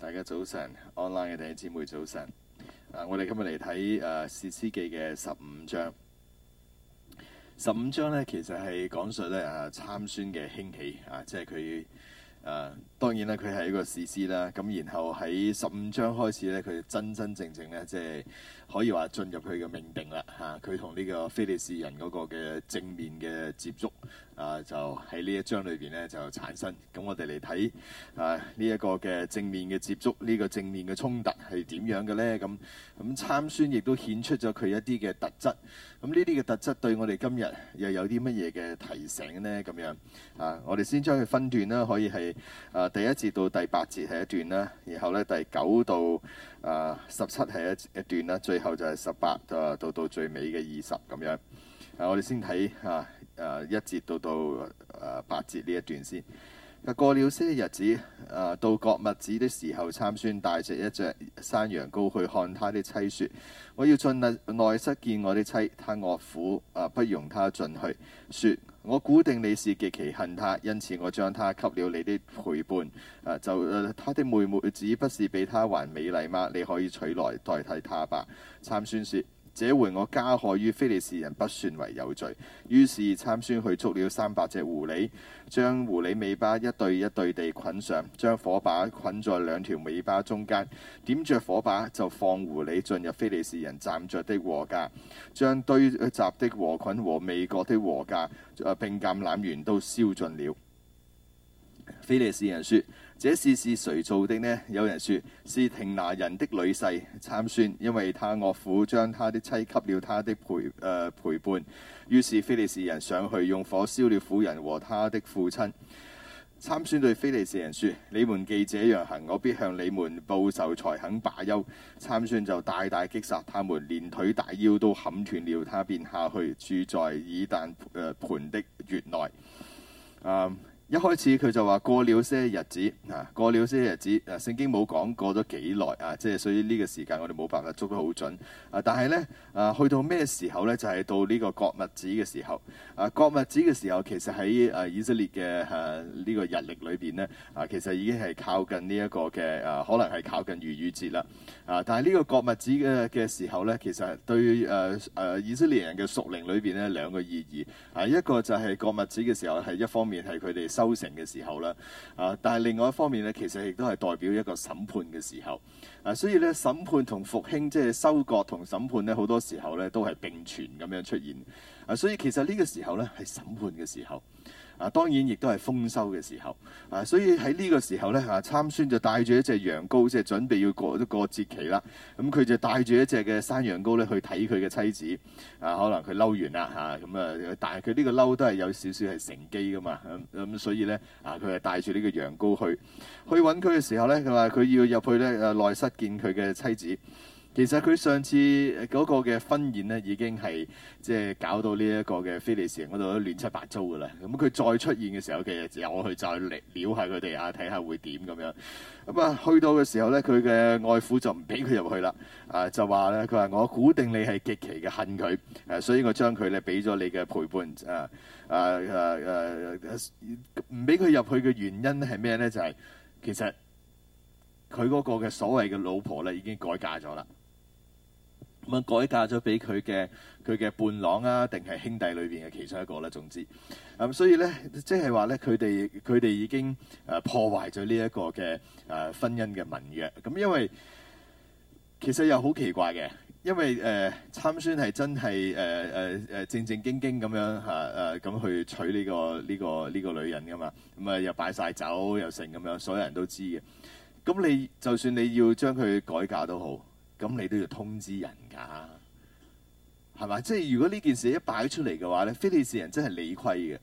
大家早晨，online 嘅弟兄姊妹早晨。啊，我哋今日嚟睇誒《士師記》嘅十五章。十五章咧，其實係講述咧誒參孫嘅興起啊，即係佢。啊，當然啦，佢係一個士師啦。咁，啊，然後喺十五章開始咧，佢真真正正咧，即係可以話進入佢嘅命定啦。啊，佢同呢個非利士人嗰個嘅正面嘅接觸啊，就喺呢一章裏邊咧就產生。咁我哋嚟睇啊呢一個嘅正面嘅接觸，呢個正面嘅衝突係點樣嘅咧？咁咁參孫亦都顯出咗佢一啲嘅特質。咁呢啲嘅特質對我哋今日又有啲乜嘢嘅提醒呢？咁樣啊，我哋先將佢分段啦，可以係。誒、啊、第一節到第八節係一段啦，然後咧第九到誒、啊、十七係一一段啦。最後就係十八誒到到最尾嘅二十咁樣。誒、啊、我哋先睇啊誒、啊、一節到到誒、啊、八節呢一段先。嗱，過了些日子，啊、到割麥子的時候，參孫帶着一隻山羊羔去看他的妻説：我要進內內室見我的妻，他岳父啊，不容他進去，説：我估定你是極其恨他，因此我將他給了你的陪伴。誒、啊、就、啊、他的妹妹子不是比他還美麗嗎？你可以取來代替他吧。參孫説。這回我加害於非利士人不算為有罪，於是參孫去捉了三百隻狐狸，將狐狸尾巴一對一對地捆上，將火把捆在兩條尾巴中間，點着火把就放狐狸進入非利士人站着的禾稼，將堆集的禾捆和未割的禾稼並橄欖園都燒盡了。非利士人說。這事是誰做的呢？有人說，是亭拿人的女婿參孫，因為他岳父將他的妻給了他的陪誒、呃、陪伴。於是非利士人上去用火燒了婦人和他的父親。參孫對非利士人說：你們既這樣行，我必向你們報仇才肯罷休。參孫就大大擊殺他們，連腿帶腰都砍斷了。他便下去住在以坦誒磐、呃、的穴內。Um, 一開始佢就話過了些日子啊，過了些日子，誒、啊、聖經冇講過咗幾耐啊，即係所以呢個時間我哋冇辦法捉得好準啊，但係呢，啊去到咩時候呢？就係、是、到呢個割麥子嘅時候啊，割麥子嘅時候其實喺誒、啊、以色列嘅呢、啊這個日曆裏邊呢，啊，其實已經係靠近呢一個嘅誒、啊、可能係靠近逾越節啦啊，但係呢個割麥子嘅嘅時候呢，其實對誒誒、啊啊、以色列人嘅屬靈裏邊呢，兩個意義啊，一個就係割麥子嘅時候係一方面係佢哋。收成嘅時候啦，啊！但係另外一方面咧，其實亦都係代表一個審判嘅時候，啊！所以咧，審判同復興即係收割同審判咧，好多時候咧都係並存咁樣出現，啊！所以其實呢個時候咧係審判嘅時候。啊，當然亦都係豐收嘅時候，啊，所以喺呢個時候咧，啊，參孫就帶住一隻羊羔，即係準備要過過節期啦。咁、嗯、佢就帶住一隻嘅山羊羔咧去睇佢嘅妻子。啊，可能佢嬲完啦，嚇，咁啊，但係佢呢個嬲都係有少少係乘機噶嘛。咁所以咧，啊，佢係、啊、帶住呢個羊羔去去揾佢嘅時候咧，佢話佢要入去咧、啊、內室見佢嘅妻子。其實佢上次嗰個嘅婚宴呢，已經係即係搞到呢一個嘅菲利士人嗰度都亂七八糟噶啦。咁佢再出現嘅時候，其實我去再撩下佢哋啊，睇下會點咁樣。咁啊，去到嘅時候呢，佢嘅外父就唔俾佢入去啦。啊，就話呢，佢話我估定你係極其嘅恨佢、啊，所以我將佢咧俾咗你嘅陪伴。啊啊啊啊！唔俾佢入去嘅原因係咩呢？就係、是、其實佢嗰個嘅所謂嘅老婆呢，已經改嫁咗啦。咁啊改嫁咗俾佢嘅佢嘅伴郎啊，定係兄弟裏邊嘅其中一個啦。總之，咁、嗯、所以咧，即係話咧，佢哋佢哋已經誒破壞咗呢一個嘅誒、啊、婚姻嘅盟約。咁、嗯、因為其實又好奇怪嘅，因為誒、呃、參孫係真係誒誒誒正正經經咁樣嚇誒咁去娶呢、呢個呢、呢個呢、呢個女人噶嘛。咁、嗯、啊又擺晒酒又成咁樣，所有人都知嘅。咁、嗯、你就算你要將佢改嫁都好。咁你都要通知人噶，係嘛？即係如果呢件事一擺出嚟嘅話咧，非利士人真係理虧嘅。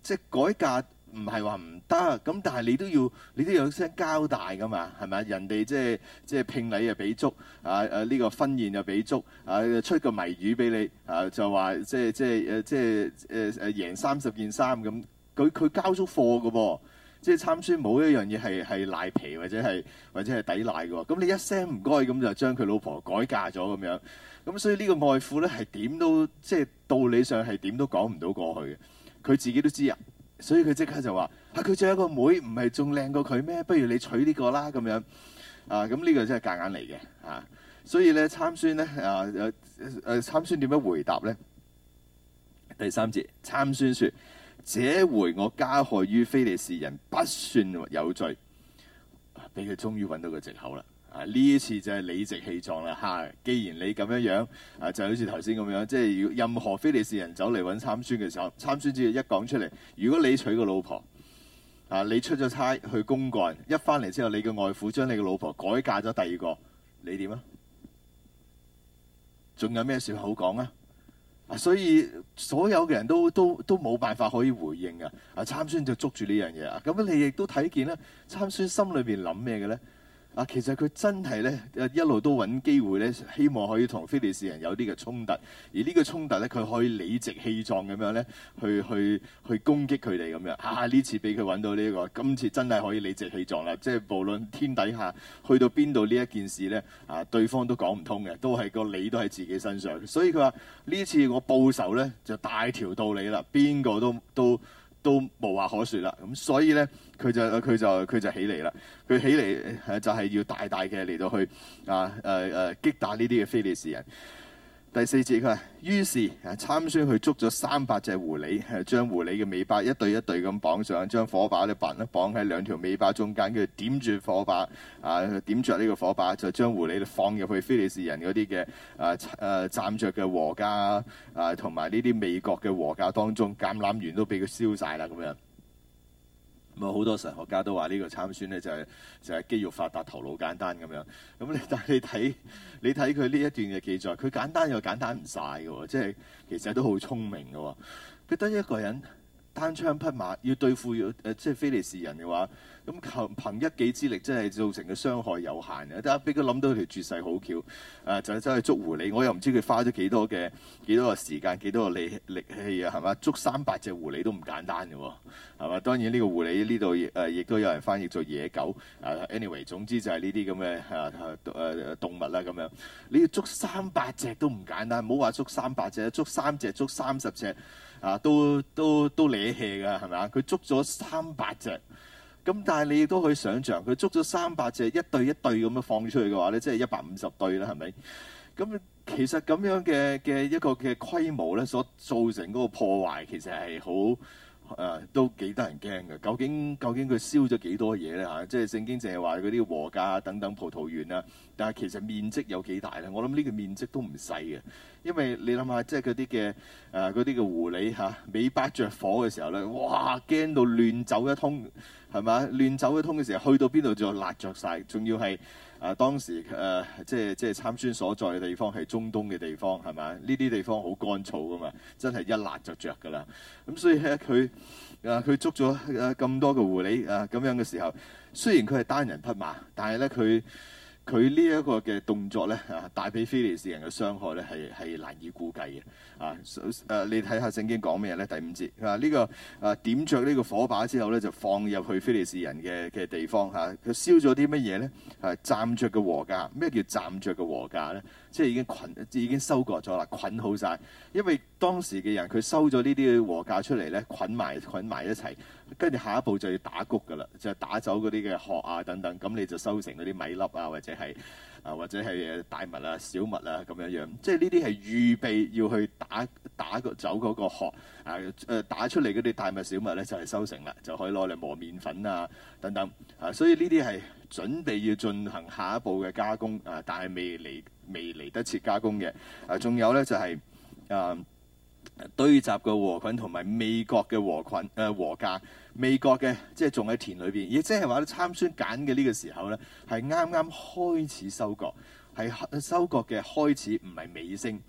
即係改價唔係話唔得，咁但係你都要你都要有聲交代噶嘛，係咪？人哋即係即係聘禮又俾足，啊啊呢個婚宴又俾足，啊出個謎語俾你，啊就話即係即係誒即係誒誒贏三十件衫咁，佢佢交足貨嘅噃。即係參孫冇一樣嘢係係賴皮或者係或者係抵賴嘅喎，咁你一聲唔該咁就將佢老婆改嫁咗咁樣，咁所以呢個外父咧係點都即係道理上係點都講唔到過去嘅，佢自己都知啊，所以佢即刻就話，啊佢仲有一個妹，妹，唔係仲靚過佢咩？不如你娶呢個啦咁樣，啊咁呢個真係夾硬嚟嘅，啊，所以咧參孫咧啊誒誒、啊啊、參孫點樣回答咧？第三節參孫説。這回我加害於非利士人不算有罪，俾佢終於揾到個藉口啦！啊，呢一次就係理直氣壯啦嚇！既然你咁樣樣，啊就好似頭先咁樣，即係如任何非利士人走嚟揾參孫嘅時候，參孫只要一講出嚟，如果你娶個老婆，啊你出咗差去公幹，一翻嚟之後你嘅外父將你嘅老婆改嫁咗第二個，你點啊？仲有咩說話好講啊？所以所有嘅人都都都冇辦法可以回應啊！參孫就捉住呢樣嘢啊，咁樣你亦都睇見啦，參孫心裏邊諗咩嘅咧？啊，其實佢真係咧，一路都揾機會咧，希望可以同非利士人有啲嘅衝突，而呢個衝突咧，佢可以理直氣壯咁樣咧，去去去攻擊佢哋咁樣。啊，呢次俾佢揾到呢個，今次真係可以理直氣壯啦！即係無論天底下去到邊度呢一件事咧，啊，對方都講唔通嘅，都係個理都喺自己身上。所以佢話：呢次我報仇咧，就大條道理啦，邊個都都，都都無話可說啦，咁所以咧，佢就佢就佢就起嚟啦，佢起嚟就係要大大嘅嚟到去啊誒誒擊打呢啲嘅菲利士人。第四節佢話，於是參孫佢捉咗三百隻狐狸，將狐狸嘅尾巴一對一對咁綁上，將火把咧白咧綁喺兩條尾巴中間，佢點住火把，啊點着呢個火把，就將狐狸放入去非利士人嗰啲嘅啊啊站着嘅禾稼，啊，同埋呢啲美國嘅禾稼當中，橄欖園都俾佢燒曬啦咁樣。好多神學家都話呢個參孫咧，就係就係肌肉發達、頭腦簡單咁樣。咁你但係你睇你睇佢呢一段嘅記載，佢簡單又簡單唔晒嘅，即係其實都好聰明嘅。佢得一個人。單槍匹馬要對付誒、呃、即係非利士人嘅話，咁、嗯、憑憑一己之力，真係造成嘅傷害有限嘅。但係俾佢諗到條絕世好橋，誒、呃、就走去捉狐狸。我又唔知佢花咗幾多嘅幾多個時間、幾多個力力氣啊，係嘛？捉三百隻狐狸都唔簡單嘅喎，係嘛？當然呢個狐狸呢度誒亦都有人翻譯做野狗。誒、呃、anyway 總之就係呢啲咁嘅誒動物啦咁樣。你要捉三百隻都唔簡單，唔好話捉三百隻，捉三隻，捉三十隻。啊，都都都咧氣㗎，係咪啊？佢捉咗三百隻，咁但係你亦都可以想像，佢捉咗三百隻一對一對咁樣放出去嘅話咧，即係一百五十對啦，係咪？咁其實咁樣嘅嘅一個嘅規模咧，所造成嗰個破壞其實係好。誒都幾得人驚嘅，究竟究竟佢燒咗幾多嘢咧嚇？即係聖經淨係話嗰啲禾稼等等葡萄園啦、啊，但係其實面積有幾大咧？我諗呢個面積都唔細嘅，因為你諗下，即係嗰啲嘅誒啲嘅狐狸嚇尾巴着火嘅時候咧，哇驚到亂走一通，係咪？亂走一通嘅時候，去到邊度就辣着晒，仲要係。啊，當時誒、啊、即係即係參孫所在嘅地方係中東嘅地方係嘛？呢啲地方好乾燥噶嘛，真係一辣就着㗎啦。咁所以咧，佢啊佢捉咗誒咁多個狐狸啊咁樣嘅時候，雖然佢係單人匹馬，但係咧佢。佢呢一個嘅動作咧，嚇，帶俾菲利士人嘅傷害咧，係係難以估計嘅，啊，誒、啊，你睇下聖經講咩咧？第五節，啊，呢、呢個誒、啊、點着呢個火把之後咧，就放入去菲利士人嘅嘅地方嚇，佢、啊、燒咗啲乜嘢咧？係、啊、站著嘅禾稼，咩叫站着嘅禾稼咧？即係已經捆，即已經收割咗啦，捆好晒。因為當時嘅人佢收咗呢啲禾稼出嚟咧，捆埋捆埋一齊，跟住下一步就要打穀㗎啦，就係打走嗰啲嘅殼啊等等，咁你就收成嗰啲米粒啊，或者係啊或者係大麥啊、小麥啊咁樣樣。即係呢啲係預備要去打打個走嗰個殼啊，誒、呃、打出嚟嗰啲大麥小麥咧就係、是、收成啦，就可以攞嚟磨麵粉啊等等。啊、呃，所以呢啲係。準備要進行下一步嘅加工啊，但係未嚟未嚟得切加工嘅。啊，仲有咧就係、誒、啊堆集嘅禾捆同埋未割嘅禾捆、誒禾稼，未割嘅即係仲喺田裏邊，亦即係話參孫減嘅呢個時候咧，係啱啱開始收割，係收割嘅開始，唔係尾聲。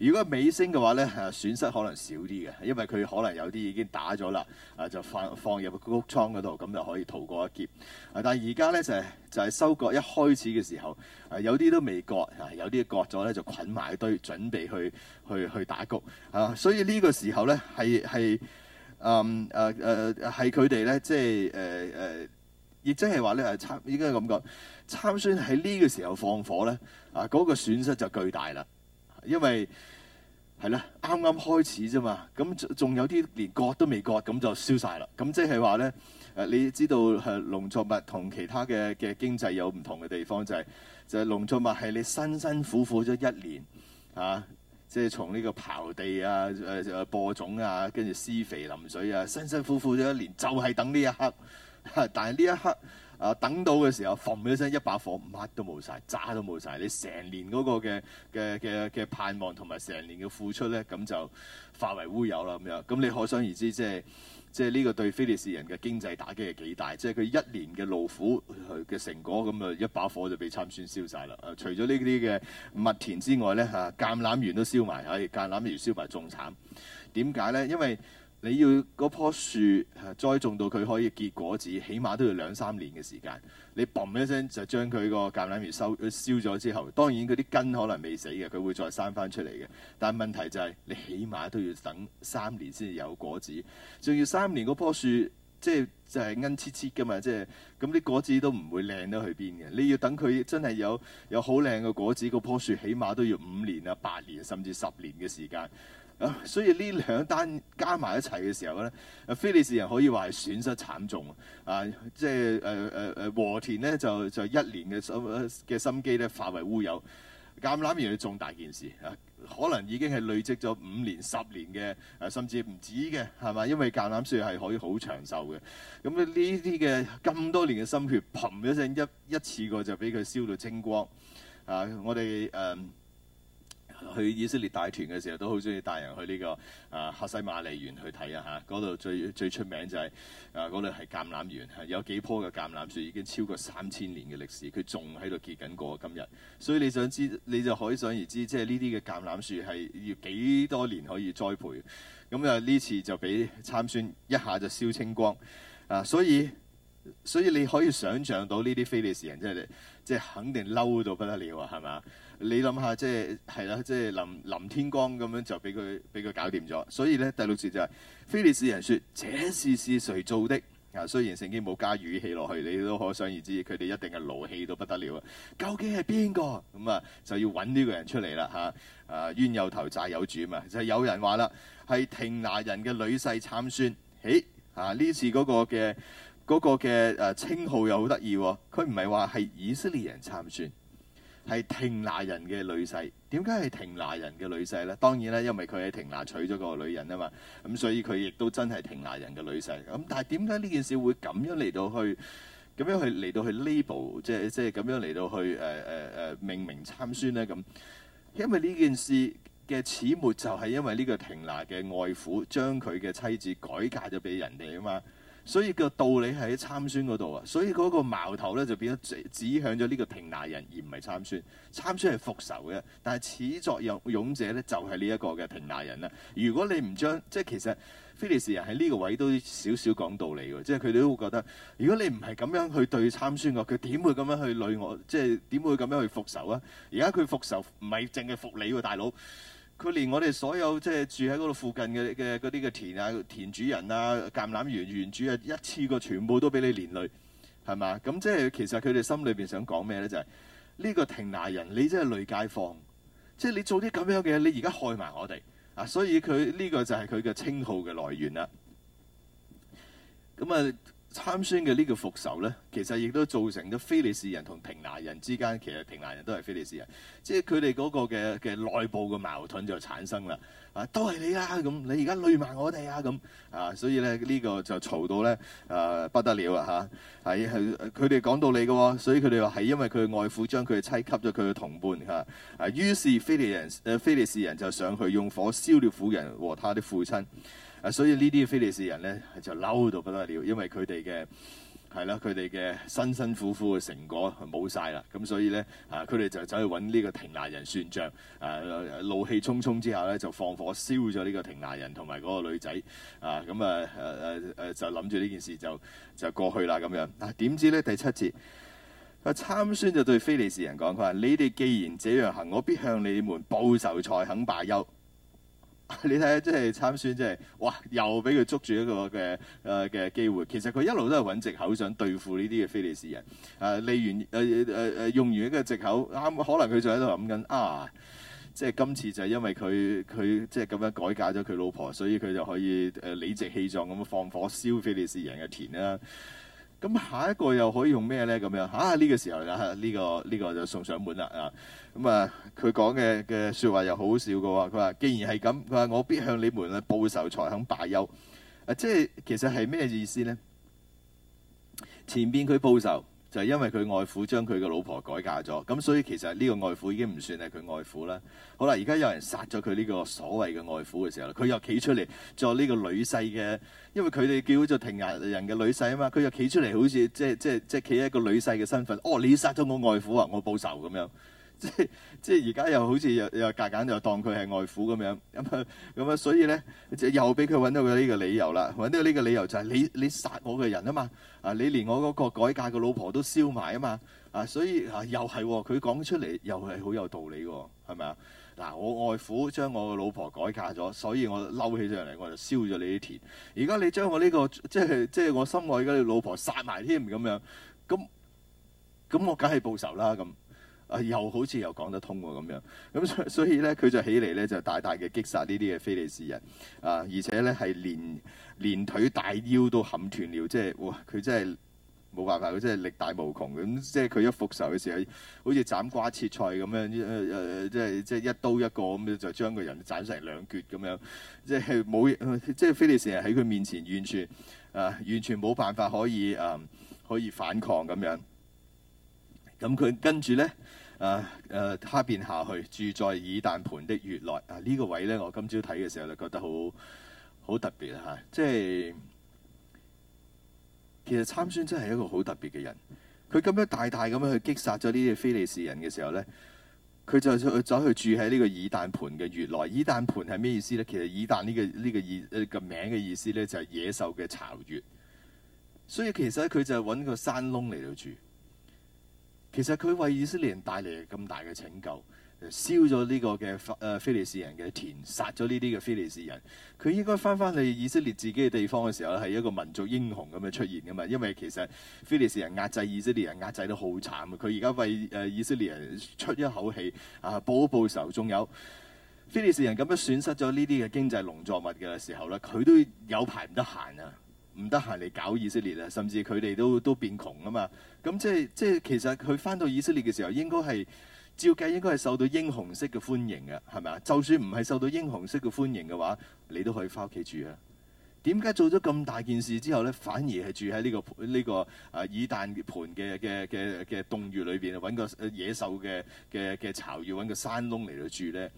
如果尾聲嘅話咧，損失可能少啲嘅，因為佢可能有啲已經打咗啦，啊就放放入個谷倉嗰度，咁就可以逃過一劫。啊，但而家咧就係、是、就係、是、收割一開始嘅時候，啊有啲都未割，啊有啲割咗咧就捆埋堆，準備去去去，去打谷。啊，所以呢個時候咧係係嗯誒誒係佢哋咧，即係誒誒，亦即係話咧係參應該咁講，參孫喺呢個時候放火咧，啊嗰、那個損失就巨大啦。因為係啦，啱啱開始啫嘛，咁仲有啲連割都未割，咁就燒晒啦。咁即係話呢，誒，你知道誒農作物同其他嘅嘅經濟有唔同嘅地方，就係就係農作物係你辛辛苦苦咗一年啊，即係從呢個刨地啊、誒、呃、播種啊，跟住施肥淋水啊，辛辛苦苦咗一年，就係等呢一刻。但係呢一刻。啊！等到嘅時候，馴起一身一把火，乜都冇晒，渣都冇晒。你成年嗰個嘅嘅嘅嘅盼望同埋成年嘅付出咧，咁就化為烏有啦。咁樣，咁你可想而知，即係即係呢個對菲利士人嘅經濟打擊係幾大？即係佢一年嘅勞苦嘅成果，咁啊一把火就被參孫燒晒啦、啊。除咗呢啲嘅麥田之外咧，啊間攬園都燒埋，係間攬園燒埋仲慘。點解咧？因為你要嗰棵樹栽種到佢可以結果子，起碼都要兩三年嘅時間。你嘣一聲就將佢個橄欖葉收燒咗之後，當然佢啲根可能未死嘅，佢會再生翻出嚟嘅。但係問題就係、係、你起碼都要等三年先有果子，仲要三年嗰棵樹即係就係韌切切噶嘛，即係咁啲果子都唔會靚得去邊嘅。你要等佢真係有有好靚嘅果子，嗰棵樹起碼都要五年啊、八年甚至十年嘅時間。啊，所以呢兩單加埋一齊嘅時候咧，菲利士人可以話係損失慘重啊！即係誒誒誒和田咧就就一年嘅心嘅心機咧化為烏有。橄欖亦係重大件事啊，可能已經係累積咗五年十年嘅啊，甚至唔止嘅係嘛？因為橄欖樹係可以好長壽嘅。咁咧呢啲嘅咁多年嘅心血，砰一聲一一次過就俾佢燒到清光啊！我哋誒。啊去以色列大團嘅時候都好中意帶人去呢，這個啊客西馬尼園去睇啊嚇，嗰度最最出名就係、是、啊嗰度係橄欖園，啊，有幾棵嘅橄欖樹已經超過三千年嘅歷史，佢仲喺度結緊果今日。所以你想知，你就可想而知，即係呢啲嘅橄欖樹係要幾多年可以栽培？咁啊呢次就俾參孫一下就燒清光啊！所以所以你可以想像到呢啲非利士人真係即係肯定嬲到不得了啊，係嘛？你諗下，即係係啦，即係臨臨天光咁樣就俾佢俾佢搞掂咗。所以咧，第六節就係非利士人說：這事是，是誰做的啊？雖然聖經冇加語氣落去，你都可想而知，佢哋一定係勞氣到不得了啊！究竟係邊個咁啊？就要揾呢個人出嚟啦吓！啊冤有頭，債有主嘛。就係、有人話啦，係亭拿人嘅女婿參孫。咦啊！呢次嗰個嘅嗰個嘅誒稱號又好得意喎。佢唔係話係以色列人參孫。係亭拿人嘅女婿，點解係亭拿人嘅女婿呢？當然啦，因為佢喺亭拿娶咗個女人啊嘛。咁所以佢亦都真係亭拿人嘅女婿。咁但係點解呢件事會咁樣嚟到去咁樣去嚟到去 label，即係即係咁樣嚟到去誒誒誒命名參孫呢？咁因為呢件事嘅始末就係因為呢個亭拿嘅外父將佢嘅妻子改嫁咗俾人哋啊嘛。所以個道理係喺參孫嗰度啊，所以嗰個矛頭咧就變咗指向咗呢個亭拿人而唔係參孫。參孫係復仇嘅，但係始作俑俑者咧就係呢一個嘅亭拿人啦。如果你唔將即係其實非利士人喺呢個位都少少講道理喎，即係佢哋都會覺得如果你唔係咁樣去對參孫嘅，佢點會咁樣去累我？即係點會咁樣去復仇啊？而家佢復仇唔係淨係復你喎，大佬。佢連我哋所有即係、就是、住喺嗰度附近嘅嘅嗰啲嘅田啊、田主人啊、橄欖園園主啊，一次過全部都俾你連累，係嘛？咁即係其實佢哋心裏邊想講咩咧？就係、是、呢個亭拿人，你真係累街坊，即係你做啲咁樣嘅嘢，你而家害埋我哋啊！所以佢呢、這個就係佢嘅稱號嘅來源啦。咁啊～參孫嘅呢個復仇呢，其實亦都造成咗非利士人同平拿人之間，其實平拿人都係非利士人，即係佢哋嗰個嘅嘅內部嘅矛盾就產生啦。啊，都係你啦你啊，咁你而家累埋我哋啊，咁啊，所以咧呢、呢個就嘈到呢，啊不得了啊嚇！係佢哋講道理嘅、哦，所以佢哋話係因為佢外父將佢嘅妻給咗佢嘅同伴嚇，啊於是非利人誒、呃、非利士人就上去用火燒了婦人和他的父親。啊，所以呢啲非利士人咧就嬲到不得了，因為佢哋嘅係啦，佢哋嘅辛辛苦苦嘅成果冇晒啦，咁所以咧啊，佢哋就走去揾呢個亭拿人算賬，啊，怒、啊、氣沖沖之下咧就放火燒咗呢個亭拿人同埋嗰個女仔，啊，咁啊誒誒誒就諗住呢件事就就過去啦咁樣。嗱、啊，點知咧第七節，阿參孫就對非利士人講：佢話你哋既然這樣行，我必向你們報仇才肯罷休。你睇下，即係參孫，即係哇，又俾佢捉住一個嘅誒嘅機會。其實佢一路都係揾藉口想對付呢啲嘅非利士人。誒、利完，用完誒誒誒用完一個藉口，啱可能佢就喺度諗緊啊，即係今次就係因為佢佢即係咁樣改嫁咗佢老婆，所以佢就可以誒、呃、理直氣壯咁放火燒非利士人嘅田啦、啊。咁下一個又可以用咩咧？咁樣啊呢、呢個時候啦，呢、啊呢個呢、呢個、就送上門啦啊！咁啊，佢講嘅嘅說話又好好笑嘅喎。佢話：既然係咁，佢話我必向你們報仇，才肯罷休。啊，即係其實係咩意思呢？前面佢報仇。就係因為佢外父將佢嘅老婆改嫁咗，咁所以其實呢個外父已經唔算係佢外父啦。好啦，而家有人殺咗佢呢個所謂嘅外父嘅時候，佢又企出嚟做呢個女婿嘅，因為佢哋叫做亭拿人嘅女婿啊嘛，佢又企出嚟好似即係即係即係企一個女婿嘅身份。哦，你殺咗我外父啊，我報仇咁樣。即係即係而家又好似又 又夾硬就當佢係外父咁樣咁啊咁啊，所以咧就又俾佢揾到佢呢個理由啦，揾到呢個理由就係你你殺我嘅人啊嘛啊，你連我嗰個改嫁嘅老婆都燒埋啊嘛啊，所以啊又係佢講出嚟又係好有道理喎、哦，係咪啊嗱？我外父將我嘅老婆改嫁咗，所以我嬲起上嚟我就燒咗你啲田。而家你將我呢、呢個即係即係我心愛嘅你老婆殺埋添咁樣，咁咁我梗係報仇啦咁。啊，又好似又講得通喎、啊，咁樣咁，所以所以咧，佢就起嚟咧，就大大嘅擊殺呢啲嘅非利士人啊，而且咧係連連腿大腰都冚斷了，即係哇！佢真係冇辦法，佢真係力大無窮咁，即係佢一復仇嘅時候，好似斬瓜切菜咁樣，呃、即係即係一刀一個咁樣就將個人斬成兩橛咁樣，即係冇即係非利士人喺佢面前完全啊，完全冇辦法可以啊，可以反抗咁樣。咁佢跟住咧。啊！誒、啊，他便下去，住在以坦磐的穴內。啊，呢、這個位咧，我今朝睇嘅時候咧，覺得好好特別嚇、啊。即係其實參孫真係一個好特別嘅人。佢咁樣大大咁樣去擊殺咗呢啲非利士人嘅時候咧，佢就走去住喺呢個以坦磐嘅穴內。以坦磐係咩意思咧？其實以坦呢、這個呢、這個以、這個名嘅意思咧，就係、是、野獸嘅巢穴。所以其實佢就揾個山窿嚟到住。其實佢為以色列人帶嚟咁大嘅拯救，燒咗呢個嘅誒菲利士人嘅田，殺咗呢啲嘅菲利士人。佢應該翻翻去以色列自己嘅地方嘅時候，係一個民族英雄咁樣出現噶嘛？因為其實菲利士人壓制以色列人壓制得好慘啊！佢而家為誒以色列人出一口氣啊，報一報仇。仲有菲利士人咁樣損失咗呢啲嘅經濟農作物嘅時候咧，佢都有排唔得閒啊！唔得閒嚟搞以色列啊！甚至佢哋都都變窮啊嘛！咁即係即係其實佢翻到以色列嘅時候，應該係照計應該係受到英雄式嘅歡迎啊！係咪啊？就算唔係受到英雄式嘅歡迎嘅話，你都可以翻屋企住啊！點解做咗咁大件事之後咧，反而係住喺呢個呢個啊以坦磐嘅嘅嘅嘅洞穴裏邊揾個野獸嘅嘅嘅巢穴，揾個山窿嚟度住咧？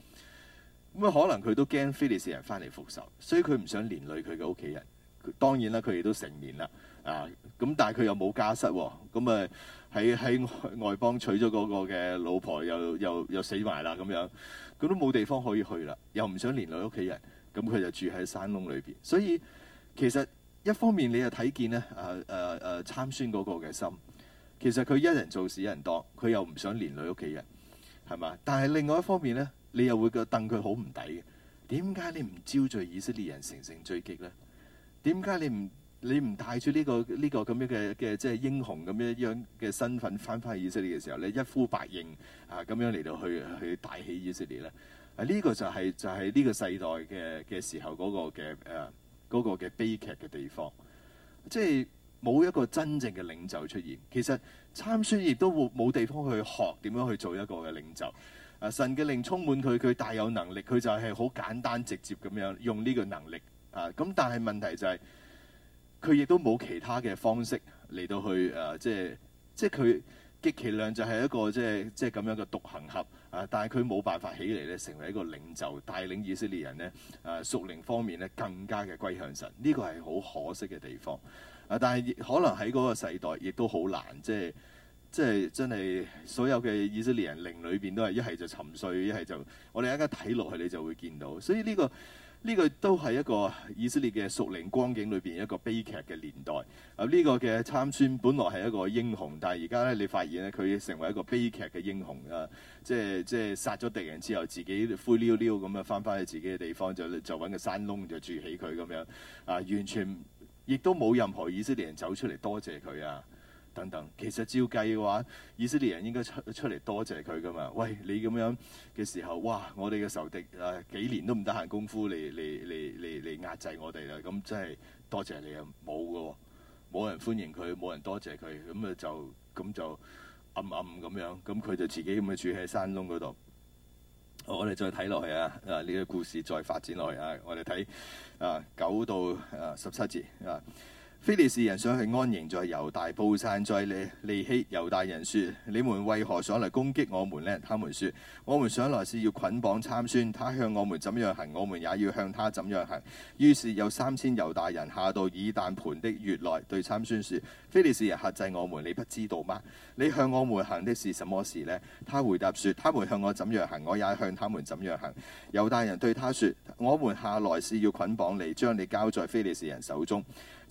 咁啊，可能佢都驚非利士人翻嚟復仇，所以佢唔想連累佢嘅屋企人。當然啦，佢哋都成年啦，啊咁，但係佢又冇家室喎，咁誒喺喺外邦娶咗嗰個嘅老婆又，又又又死埋啦咁樣，佢都冇地方可以去啦，又唔想連累屋企人，咁佢就住喺山窿裏邊。所以其實一方面你又睇見咧，誒誒誒參孫嗰個嘅心，其實佢一人做事一人當，佢又唔想連累屋企人，係嘛？但係另外一方面咧，你又會覺得佢好唔抵嘅，點解你唔招聚以色列人乘勝追擊咧？點解你唔你唔帶住呢個呢、這個咁樣嘅嘅即係英雄咁樣樣嘅身份翻翻去以色列嘅時候，你一呼百應啊咁樣嚟到去去帶起以色列咧，啊呢、這個就係、是、就係、是、呢個世代嘅嘅時候嗰個嘅誒、啊那個嘅悲劇嘅地方，即係冇一個真正嘅領袖出現。其實參孫亦都冇冇地方去學點樣去做一個嘅領袖。啊神嘅靈充滿佢，佢大有能力，佢就係好簡單直接咁樣用呢個能力。啊，咁但係問題就係佢亦都冇其他嘅方式嚟到去誒、呃，即係即係佢極其量就係一個即係即係咁樣嘅獨行俠啊！但係佢冇辦法起嚟咧，成為一個領袖，帶領以色列人呢誒、啊，屬靈方面呢更加嘅歸向神。呢個係好可惜嘅地方啊！但係可能喺嗰個世代亦都好難，即係即係真係所有嘅以色列人靈裏邊都係一係就沉睡，一係就我哋而家睇落去你就會見到，所以呢、這個。呢個都係一個以色列嘅屬靈光景裏邊一個悲劇嘅年代。啊，呢個嘅參孫本來係一個英雄，但係而家咧你發現咧佢成為一個悲劇嘅英雄啊！即係即係殺咗敵人之後，自己灰溜溜咁啊翻返去自己嘅地方，就就揾個山窿就住起佢咁樣啊！完全亦都冇任何以色列人走出嚟多謝佢啊！等等，其實照計嘅話，以色列人應該出出嚟多謝佢噶嘛？喂，你咁樣嘅時候，哇！我哋嘅仇敵啊，幾年都唔得閒功夫嚟嚟嚟嚟嚟壓制我哋啦！咁、嗯、真係多謝，謝你啊，冇嘅，冇人歡迎佢，冇人多謝佢，咁、嗯、啊就咁就暗暗咁樣，咁、嗯、佢、嗯、就自己咁樣住喺山窿嗰度。我哋再睇落去啊，啊呢、這個故事再發展落去啊，我哋睇啊九到啊十七節啊。菲利士人上去安營，在猶大布散在利利希，猶大人說：你們為何上嚟攻擊我們呢？」他們說：我們上嚟是要捆綁參孫。他向我們怎樣行，我們也要向他怎樣行。於是有三千猶大人下到以但盤的月內，對參孫說：菲利士人轄制我們，你不知道嗎？你向我們行的是什麼事呢？」他回答說：他們向我怎樣行，我也向他們怎樣行。猶大人對他說：我們下來是要捆綁你，將你交在菲利士人手中。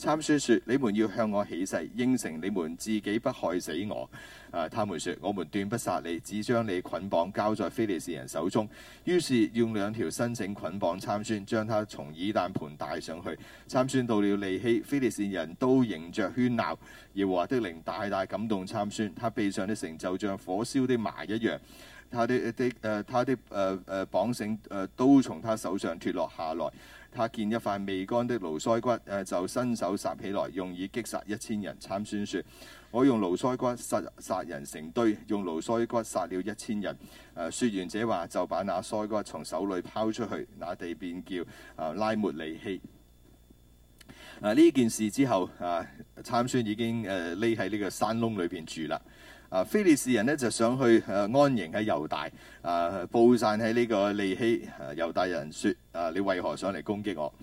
參孫説：你們要向我起誓，應承你們自己不害死我。啊、他們説：我們斷不殺你，只將你捆綁交在非利士人手中。於是用兩條新繩捆綁參孫，將他從以坦磐帶上去。參孫到了利希，非利士人都迎着喧鬧。耶和華的靈大大感動參孫，他臂上的繩就像火燒的麻一樣，他的的他的誒誒、呃呃呃、綁繩、呃、都從他手上脱落下來。他見一塊未乾的驢腮骨，誒、啊、就伸手拾起來，用以擊殺一千人。參孫説：我用驢腮骨殺殺人成堆，用驢腮骨殺了一千人。誒、啊、説完這話，就把那腮骨從手裏拋出去，那地便叫啊拉末利希。啊！呢件事之後啊，參孫已經誒匿喺呢個山窿裏邊住啦。啊！非利士人呢，就想去誒、啊、安營喺猶大啊，布散喺呢個利希、啊。猶大人説：啊，你為何上嚟攻擊我？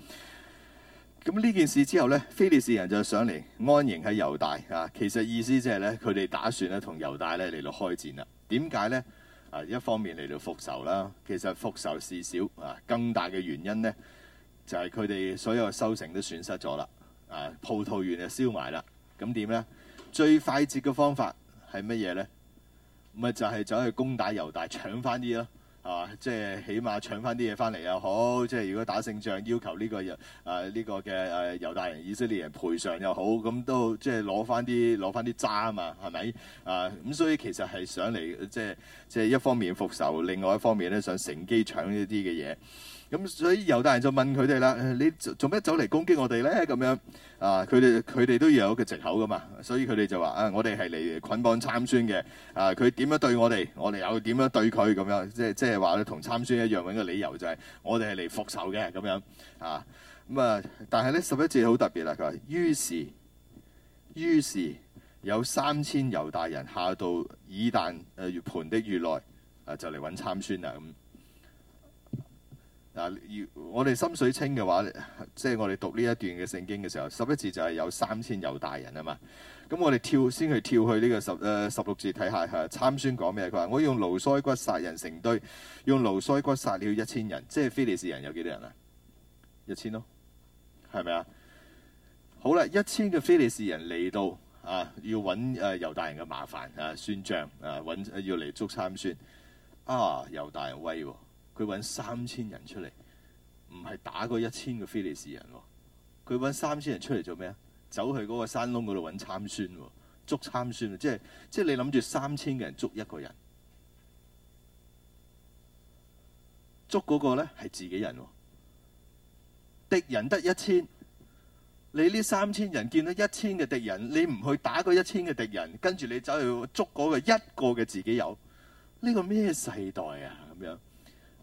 咁呢件事之後呢，非利士人就上嚟安營喺猶大啊。其實意思即係呢，佢哋打算咧同猶大咧嚟到開戰啦。點解呢？啊，一方面嚟到復仇啦。其實復仇事小啊，更大嘅原因呢，就係佢哋所有嘅收成都損失咗啦。啊，葡萄園就燒埋啦。咁、啊、點呢？最快捷嘅方法。係乜嘢咧？咁啊就係走去攻打猶大，搶翻啲咯，係嘛？即係起碼搶翻啲嘢翻嚟又好，即係如果打勝仗，要求呢個又啊呢個嘅誒猶大人、以色列人賠償又好，咁都即係攞翻啲攞翻啲渣啊嘛，係咪？啊咁所以其實係想嚟即係即係一方面復仇，另外一方面咧想乘機搶一啲嘅嘢。咁、嗯、所以猶大人就問佢哋啦，你做咩走嚟攻擊我哋咧？咁樣啊，佢哋佢哋都要有一個藉口噶嘛，所以佢哋就話，啊，我哋係嚟捆綁參孫嘅。啊，佢點樣對我哋，我哋又點樣對佢咁樣，即係即係話咧，同參孫一樣，搵一個理由就係我哋係嚟復仇嘅咁樣。啊，咁啊，但係咧十一節好特別啦，佢話，於是，於是有三千猶大人下到以旦誒月盤的月內，啊，就嚟搵參孫啦咁。嗯嗱，要、啊、我哋心水清嘅話，即係我哋讀呢一段嘅聖經嘅時候，十一字就係有三千猶大人啊嘛。咁我哋跳先去跳去呢個十誒十六字睇下，參孫講咩？佢話：我用驢腮骨殺人成堆，用驢腮骨殺了一千人。即係非利士人有幾多人啊？一千咯，係咪啊？好啦，一千嘅非利士人嚟到啊，要揾誒猶大人嘅麻煩啊，算賬啊，揾要嚟捉參孫啊，猶大人威喎、啊！佢揾三千人出嚟，唔係打嗰一千個非利士人，哦。佢揾三千人出嚟做咩啊？走去嗰個山窿嗰度揾參孫，捉參孫，哦。即係即係你諗住三千個人捉一個人，捉嗰個咧係自己人，哦，敵人得一千。你呢三千人見到一千嘅敵人，你唔去打嗰一千嘅敵人，跟住你走去捉嗰個一個嘅自己友，呢、這個咩世代啊？咁樣。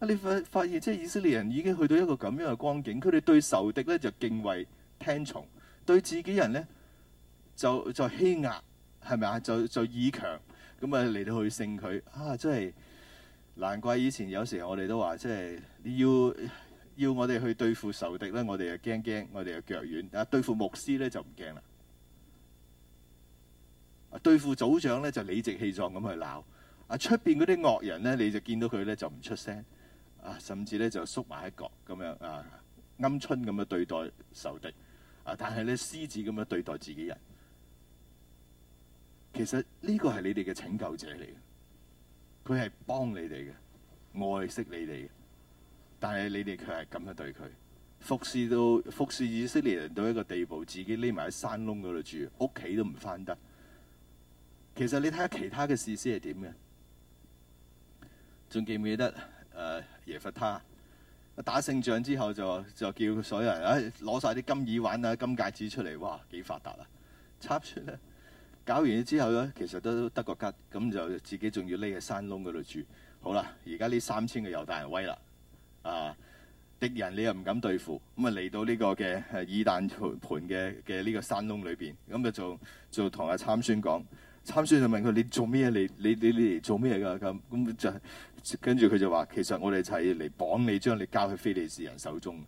你發發現即係以色列人已經去到一個咁樣嘅光景，佢哋對仇敵咧就敬畏聽從，對自己人咧就就欺壓，係咪啊？就就就以強咁啊嚟到去勝佢啊！真係難怪以前有時候我哋都話即係要要我哋去對付仇敵咧，我哋就驚驚，我哋就腳軟啊，對付牧師咧就唔驚啦，對付組長咧就理直氣壯咁去鬧啊，出邊嗰啲惡人咧，你就見到佢咧就唔出聲。啊，甚至咧就縮埋一角咁樣啊，鵪鶉咁樣對待仇敵啊，但係咧獅子咁樣對待自己人。其實呢個係你哋嘅拯救者嚟嘅，佢係幫你哋嘅，愛惜你哋嘅。但係你哋卻係咁樣對佢服侍到服侍以色列人到一個地步，自己匿埋喺山窿嗰度住，屋企都唔返得。其實你睇下其他嘅士師係點嘅，仲記唔記得？誒、啊、耶佛他打勝仗之後就就叫所有人誒攞晒啲金耳環啊金戒指出嚟，哇幾發達啊！參孫咧搞完之後咧，其實都得個吉，咁就自己仲要匿喺山窿嗰度住。好啦，而家呢三千個猶大人威啦啊！敵人你又唔敢對付，咁啊嚟到呢個嘅以坦磐嘅嘅呢個山窿裏邊，咁啊就就同阿參孫講。參孫就問佢：你做咩？你你你你嚟做咩㗎？咁咁就係跟住佢就話：其實我哋就係嚟綁你，將你交去非利士人手中。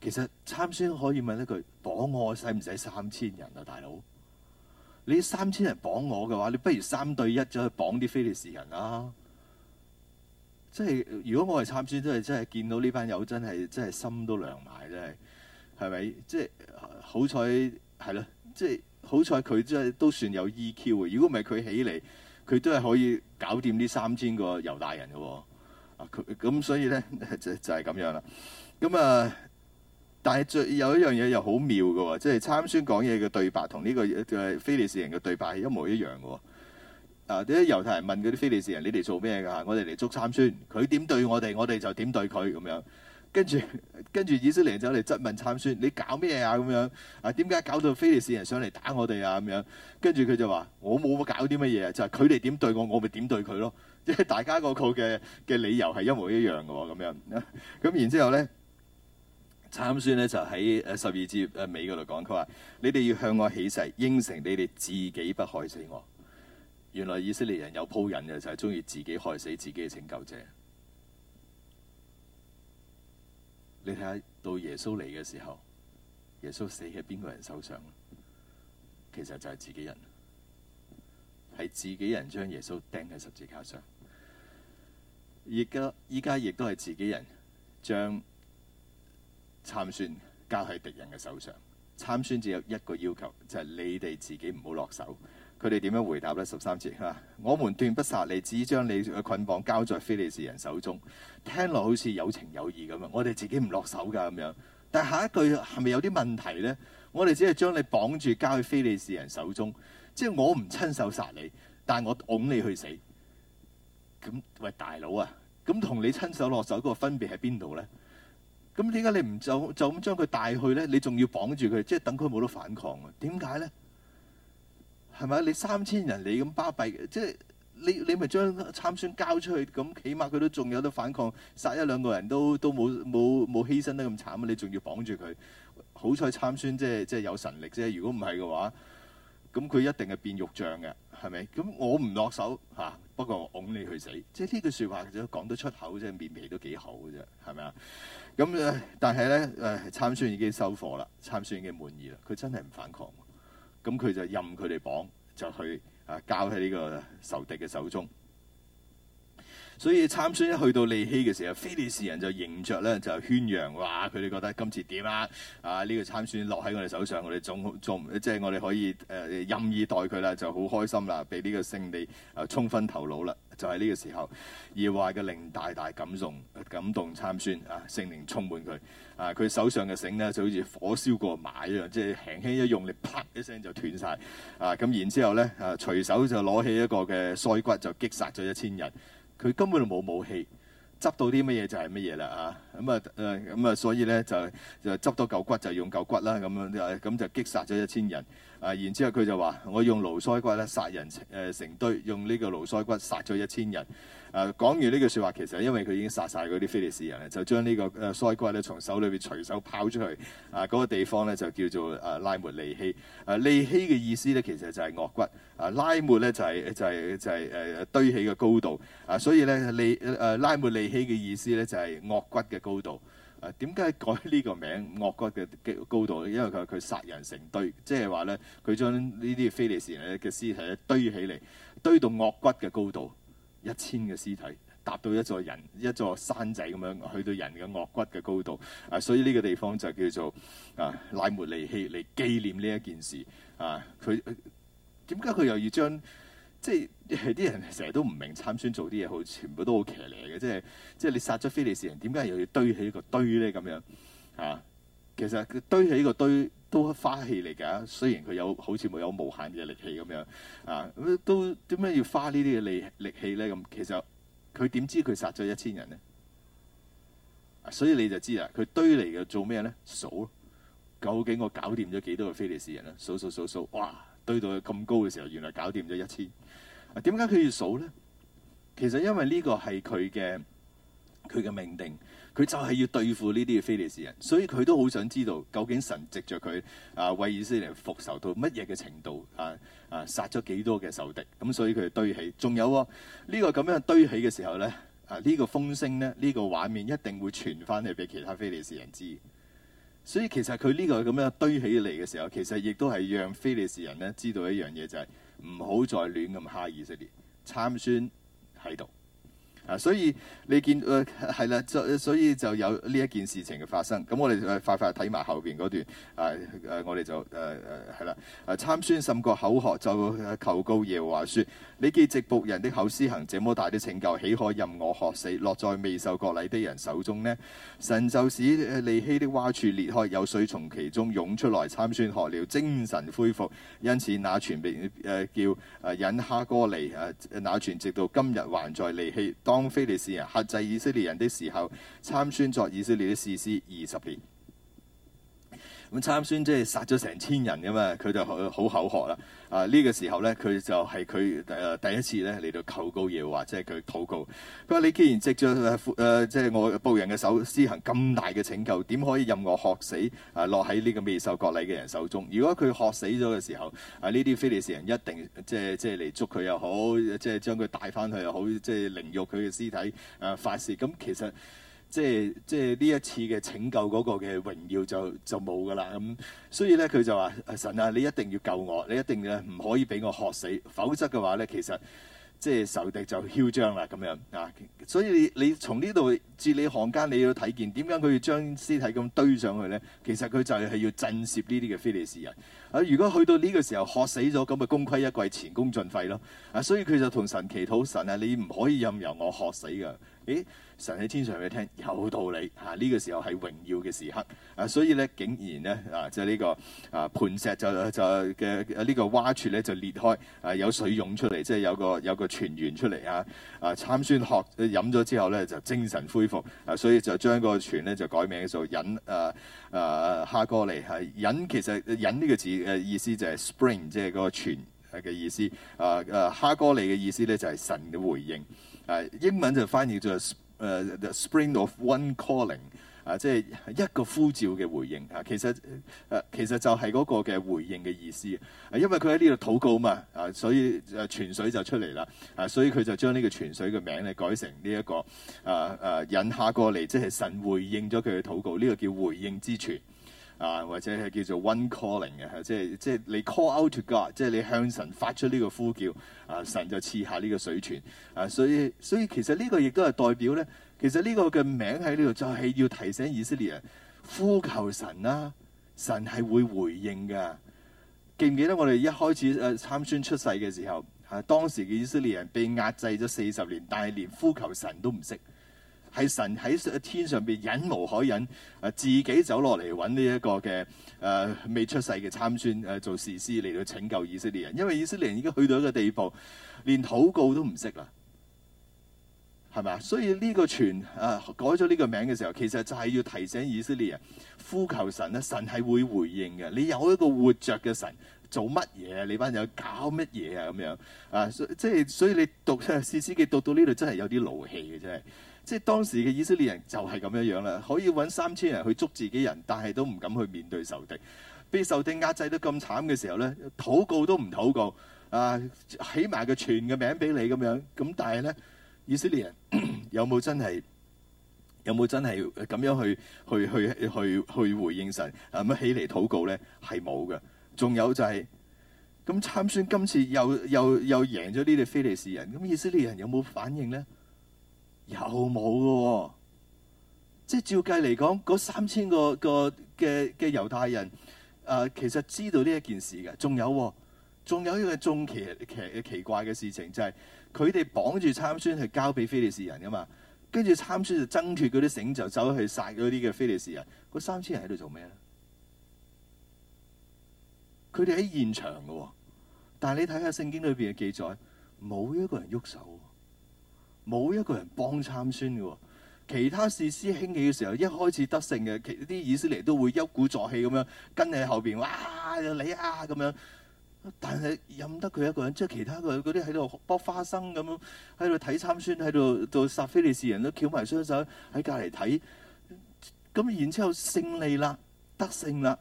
其實參孫可以問一句：綁我使唔使三千人啊，大佬？你三千人綁我嘅話，你不如三對一走去綁啲非利士人啦、啊。即係如果我係參孫，都係真係見到呢班友，真係真係心都涼埋，真係係咪？即係好彩係咯，即係。好彩佢即係都算有 EQ 嘅，如果唔係佢起嚟，佢都係可以搞掂呢三千個猶大人嘅喎、哦。啊，佢咁所以咧 就是、就係、是、咁樣啦。咁啊，但係最有一樣嘢又好妙嘅喎、哦，即係參孫講嘢嘅對白同呢、這個嘅非利士人嘅對白一模一樣嘅喎、哦。啊，啲猶太人問嗰啲非利士人：你哋做咩㗎？我哋嚟捉參孫，佢點對我哋，我哋就點對佢咁樣。跟住跟住以色列人走嚟質問參孫：你搞咩啊？咁樣啊？點解搞到非利士人上嚟打我哋啊？咁樣跟住佢就話：我冇搞啲乜嘢啊！就係佢哋點對我，我咪點對佢咯。即係大家嗰個嘅嘅理由係一模一樣嘅喎、哦。咁樣咁、啊、然之後呢參孫呢，就喺誒十二節誒尾嗰度講：佢話你哋要向我起誓，應承你哋自己不害死我。原來以色列人有鋪引嘅，就係鍾意自己害死自己嘅拯救者。你睇下到耶穌嚟嘅時候，耶穌死喺邊個人手上？其實就係自己人，係自己人將耶穌釘喺十字架上。而家依家亦都係自己人將參孫交喺敵人嘅手上。參孫只有一個要求，就係、是、你哋自己唔好落手。佢哋點樣回答呢？十三節嚇，我們斷不殺你，只將你嘅捆綁交在非利士人手中。聽落好似有情有義咁樣！我哋自己唔落手噶咁樣。但係下一句係咪有啲問題呢？我哋只係將你綁住交去非利士人手中，即係我唔親手殺你，但我擁你去死。咁喂大佬啊，咁同你親手落手嗰個分別喺邊度呢？咁點解你唔就就咁將佢帶去呢？你仲要綁住佢，即係等佢冇得反抗啊？點解呢？係咪？你三千人你咁巴閉，即係你你咪將參孫交出去，咁起碼佢都仲有得反抗，殺一兩個人都都冇冇冇犧牲得咁慘啊！你仲要綁住佢，好彩參孫即係即係有神力啫。如果唔係嘅話，咁佢一定係變肉醬嘅，係咪？咁我唔落手嚇、啊，不過我擁你去死。即係呢句説話，講得出口即係面皮都幾厚嘅啫，係咪啊？咁但係咧，誒參孫已經收火啦，參孫已經滿意啦，佢真係唔反抗。咁佢就任佢哋綁，就去啊交喺呢個仇敵嘅手中。所以參孫一去到利希嘅時候，菲利士人就迎着咧，就宣揚，哇！佢哋覺得今次點啊？啊呢、這個參孫落喺我哋手上，我哋總總即係我哋可以誒、啊、任意待佢啦，就好開心啦，俾呢個勝利啊沖昏頭腦啦。就係、是、呢個時候，意壞嘅靈大大感動，感動參孫啊，聖靈充滿佢。啊！佢手上嘅繩咧就好似火燒過馬一樣，即係輕輕一用力，啪一聲就斷晒。啊！咁然之後咧，啊，隨手就攞起一個嘅腮骨就擊殺咗一千人。佢根本就冇武器，執到啲乜嘢就係乜嘢啦啊！咁啊，誒、啊，咁啊，所以咧就就執到嚿骨就用嚿骨啦，咁樣咁就擊殺咗一千人。啊，然之後佢就話：我用驢腮骨咧殺人，誒、呃、成堆，用呢個驢腮骨殺咗一千人。啊、呃，講完呢句説話，其實因為佢已經殺晒嗰啲非利士人咧，就將、這個呃、呢個誒腮骨咧從手裏邊隨手拋出去。啊、呃，嗰、那個地方咧就叫做啊、呃、拉末利希。啊、呃，利希嘅意思咧其實就係顎骨。啊、呃，拉末咧就係、是、就係、是、就係、是、誒、呃、堆起嘅高度。啊、呃，所以咧利誒、呃、拉末利希嘅意思咧就係、是、顎骨嘅高度。啊，點解改呢個名惡骨嘅高度咧？因為佢佢殺人成堆，即係話咧，佢將呢啲菲利士人嘅屍體堆起嚟，堆到惡骨嘅高度，一千嘅屍體搭到一座人一座山仔咁樣，去到人嘅惡骨嘅高度。啊，所以呢個地方就叫做啊，乃沒離棄嚟紀念呢一件事。啊，佢點解佢又要將？即係啲人成日都唔明參孫做啲嘢，好全部都好騎呢嘅。即係即係你殺咗非利士人，點解又要堆起一個堆咧？咁樣啊，其實佢堆起一個堆都花氣嚟㗎。雖然佢有好似冇有，有無限嘅力氣咁樣啊，咁都點解要花呢啲嘅力力氣咧？咁其實佢點知佢殺咗一千人呢？所以你就知啦，佢堆嚟嘅做咩咧？數咯，究竟我搞掂咗幾多個非利士人咧？數數數數，數，哇！堆到咁高嘅時候，原來搞掂咗一千。點解佢要數咧？其實因為呢個係佢嘅佢嘅命定，佢就係要對付呢啲嘅非利士人，所以佢都好想知道究竟神藉着佢啊為以色列復仇到乜嘢嘅程度啊啊殺咗幾多嘅仇敵？咁所以佢堆起，仲有呢個咁樣堆起嘅時候咧啊呢個風聲咧呢個畫面一定會傳翻去俾其他非利士人知。所以其實佢呢個咁樣堆起嚟嘅時候，其實亦都係讓非利士人咧知道一樣嘢就係。唔好再亂咁蝦以色列，參孫喺度。啊，所以你見誒係啦，就、呃、所以就有呢一件事情嘅發生。咁我哋誒快快睇埋後邊嗰段啊誒、呃呃，我哋就誒誒係啦。誒、呃、參孫甚覺口渴，就求告耶和華說：你既直僕人的口施行這麼大的拯救，豈可任我渴死，落在未受割禮的人手中呢？神就使利希的窪處裂，裂開，有水從其中湧出來。參孫喝了，精神恢復，因此那泉被誒、呃、叫、呃、隱哈歌利」呃，啊，那泉直到今日還在利希。當非利士人克制以色列人的時候，參孫作以色列的士師二十年。咁參孫即係殺咗成千人噶嘛，佢就好口渴啦。啊、呃、呢、這個時候咧，佢就係佢誒第一次咧嚟到求告耶和華，即係佢禱告。佢話：你既然藉著誒、呃、即係我僕人嘅手施行咁大嘅拯救，點可以任我渴死？啊、呃、落喺呢個未受割禮嘅人手中。如果佢渴死咗嘅時候，啊呢啲菲利士人一定即係即係嚟捉佢又好，即係將佢帶翻去又好，即係凌辱佢嘅屍體誒、呃，發洩咁、嗯、其實。即係即係呢一次嘅拯救嗰個嘅榮耀就就冇噶啦咁，所以咧佢就話：神啊，你一定要救我，你一定唔可以俾我渴死，否則嘅話咧，其實即係仇敵就囂張啦咁樣啊！所以你你從呢度字裏行間你要睇見點解佢要將屍體咁堆上去咧？其實佢就係要震懾呢啲嘅非利士人啊！如果去到呢個時候渴死咗，咁咪功虧一簣，前功盡廢咯啊！所以佢就同神祈禱：神啊，你唔可以任由我渴死嘅。咦？神喺天上嘅聽有道理嚇，呢、啊這個時候係榮耀嘅時刻啊，所以咧竟然咧啊，即係呢個啊盤石就就嘅呢、這個窪處咧就裂開啊，有水湧出嚟，即、就、係、是、有個有個泉源出嚟啊！啊參孫學喝飲咗之後咧就精神恢復啊，所以就將個泉咧就改名做隱啊啊哈歌利係隱、啊，其實隱呢個字嘅意思就係 spring，即係嗰個泉嘅意思啊啊哈歌利嘅意思咧就係神嘅回應啊，英文就翻譯做。誒、uh, the spring of one calling 啊、uh,，即係一個呼召嘅回應啊，其實誒、啊、其實就係嗰個嘅回應嘅意思啊，因為佢喺呢度禱告嘛啊，所以誒、啊、泉水就出嚟啦啊，所以佢就將呢個泉水嘅名咧改成呢、這、一個啊啊引下過嚟，即係神回應咗佢嘅禱告，呢、這個叫回應之泉。啊，或者係叫做 one calling 嘅，啊，即係即係你 call out to God，即係你向神發出呢個呼叫，啊，神就賜下呢個水泉，啊所以所以其實呢個亦都係代表咧，其實呢個嘅名喺呢度就係要提醒以色列人呼求神啦，啊，神係會回應㗎。記唔記得我哋一開始誒參、啊、孫出世嘅時候，啊當時嘅以色列人被壓制咗四十年，但係連呼求神都唔識。係神喺天上邊忍無可忍，誒自己走落嚟揾呢一個嘅誒、呃、未出世嘅參孫誒、呃、做士師嚟到拯救以色列人，因為以色列人已經去到一個地步，連禱告都唔識啦，係咪啊？所以呢個傳誒、呃、改咗呢個名嘅時候，其實就係要提醒以色列人呼求神咧，神係會回應嘅。你有一個活着嘅神做乜嘢？你班友搞乜嘢啊？咁樣啊，即、呃、係所，所以你讀士師記讀到呢度真係有啲勞氣嘅，真係。即係當時嘅以色列人就係咁樣樣啦，可以揾三千人去捉自己人，但係都唔敢去面對仇敵，被仇敵壓制得咁慘嘅時候咧，禱告都唔禱告，啊起埋個全嘅名俾你咁樣，咁但係咧，以色列人咳咳有冇真係有冇真係咁樣去去去去去回應神啊？起嚟禱告咧係冇嘅，仲有，有就係、是、咁參孫今次又又又贏咗呢啲非利士人，咁以色列人有冇反應咧？有冇嘅，哦，即係照計嚟講，嗰三千個個嘅嘅猶太人，誒、呃，其實知道呢一件事嘅，仲有，哦，仲有一個仲奇奇奇怪嘅事情就係，佢哋綁住參孫去交俾菲利士人噶嘛，跟住參孫就掙脫嗰啲繩就走去殺嗰啲嘅菲利士人，嗰三千人喺度做咩咧？佢哋喺現場嘅，哦，但係你睇下聖經裏邊嘅記載，冇一個人喐手。冇一個人幫參孫嘅喎。其他士師興起嘅時候，一開始得勝嘅，其啲以色列都會一鼓作氣咁樣跟喺後邊，哇又你啊咁樣。但係任得佢一個人，即係其他佢嗰啲喺度剝花生咁樣，喺度睇參孫，喺度做殺非利士人都翹埋雙手喺隔籬睇。咁、嗯、然之後勝利啦，得勝啦，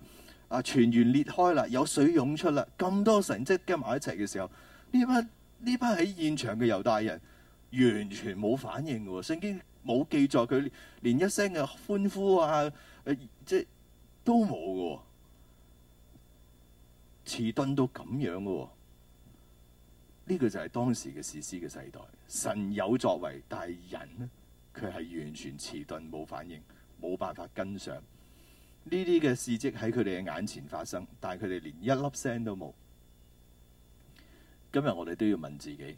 啊全員裂開啦，有水湧出啦，咁多成績跟埋一齊嘅時候，呢班呢班喺現場嘅猶大人。完全冇反應嘅喎、哦，聖經冇記載佢連一聲嘅歡呼啊，誒、呃、即係都冇嘅喎，遲鈍到咁樣嘅喎、哦。呢、這個就係當時嘅士師嘅世代，神有作為，但係人呢佢係完全遲鈍冇反應，冇辦法跟上呢啲嘅事蹟喺佢哋嘅眼前發生，但係佢哋連一粒聲都冇。今日我哋都要問自己。.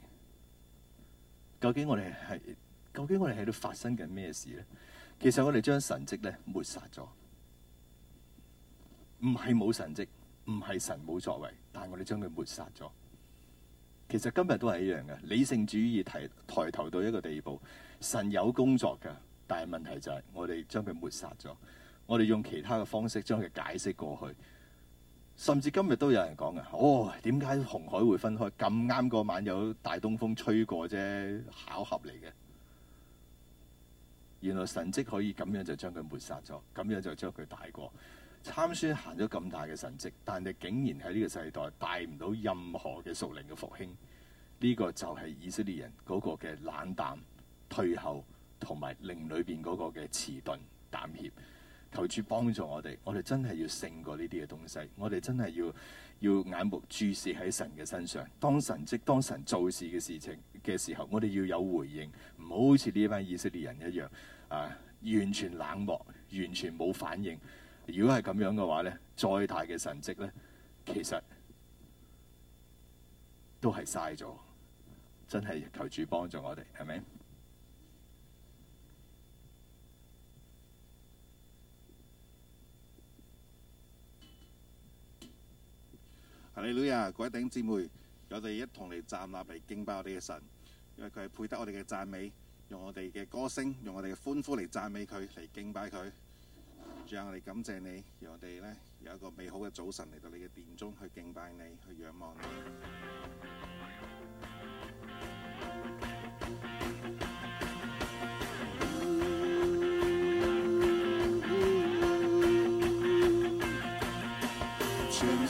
究竟我哋係，究竟我哋喺度發生緊咩事咧？其實我哋將神跡咧抹殺咗，唔係冇神跡，唔係神冇作為，但係我哋將佢抹殺咗。其實今日都係一樣嘅，理性主義提抬頭到一個地步，神有工作㗎，但係問題就係我哋將佢抹殺咗，我哋用其他嘅方式將佢解釋過去。甚至今日都有人講㗎，哦，點解紅海會分開？咁啱嗰晚有大東風吹過啫，巧合嚟嘅。原來神跡可以咁樣就將佢抹殺咗，咁樣就將佢大過。參孫行咗咁大嘅神跡，但係竟然喺呢個世代帶唔到任何嘅屬靈嘅復興。呢、呢個就係以色列人嗰個嘅冷淡、退後同埋令裏邊嗰個嘅遲鈍膽怯。求主幫助我哋，我哋真係要勝過呢啲嘅東西，我哋真係要要眼目注視喺神嘅身上。當神跡、當神做事嘅事情嘅時候，我哋要有回應，唔好好似呢班以色列人一樣啊，完全冷漠，完全冇反應，如果係咁樣嘅話咧，再大嘅神跡咧，其實都係嘥咗。真係求主幫助我哋，係咪？哈利路亞，各位弟兄姊妹，我哋一同嚟站立嚟敬拜我哋嘅神，因為佢係配得我哋嘅讚美，用我哋嘅歌聲，用我哋嘅歡呼嚟讚美佢，嚟敬拜佢。主啊，我哋感謝你，讓我哋有一個美好嘅早晨嚟到你嘅殿中去敬拜你，去仰望你。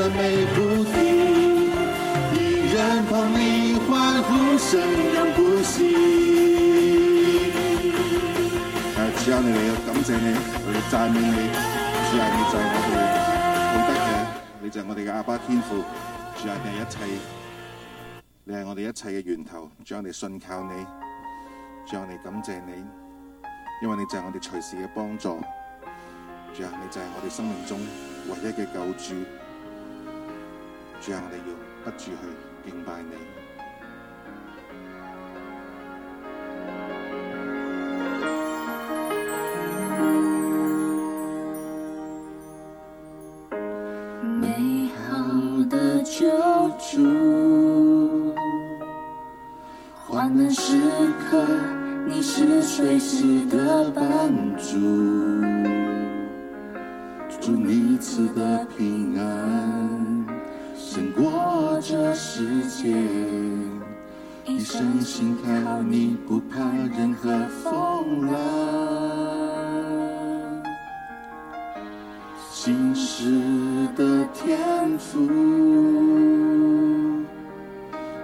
只有你嚟，要感謝你嚟讚美你，主啊！你就係我哋永得嘅，你就係我哋嘅阿爸天父。主啊！你一切，你係我哋一切嘅源頭。主啊！我信靠你，主啊！我感謝你，因為你就係我哋隨時嘅幫助。主啊！你就係我哋生命中唯一嘅救主。主啊，你要不住去敬拜你。美好的救主，患難時刻你是隨時的幫助，主你賜的平安。勝過這世界，一生信靠你，不怕任何風浪。心事的天賦，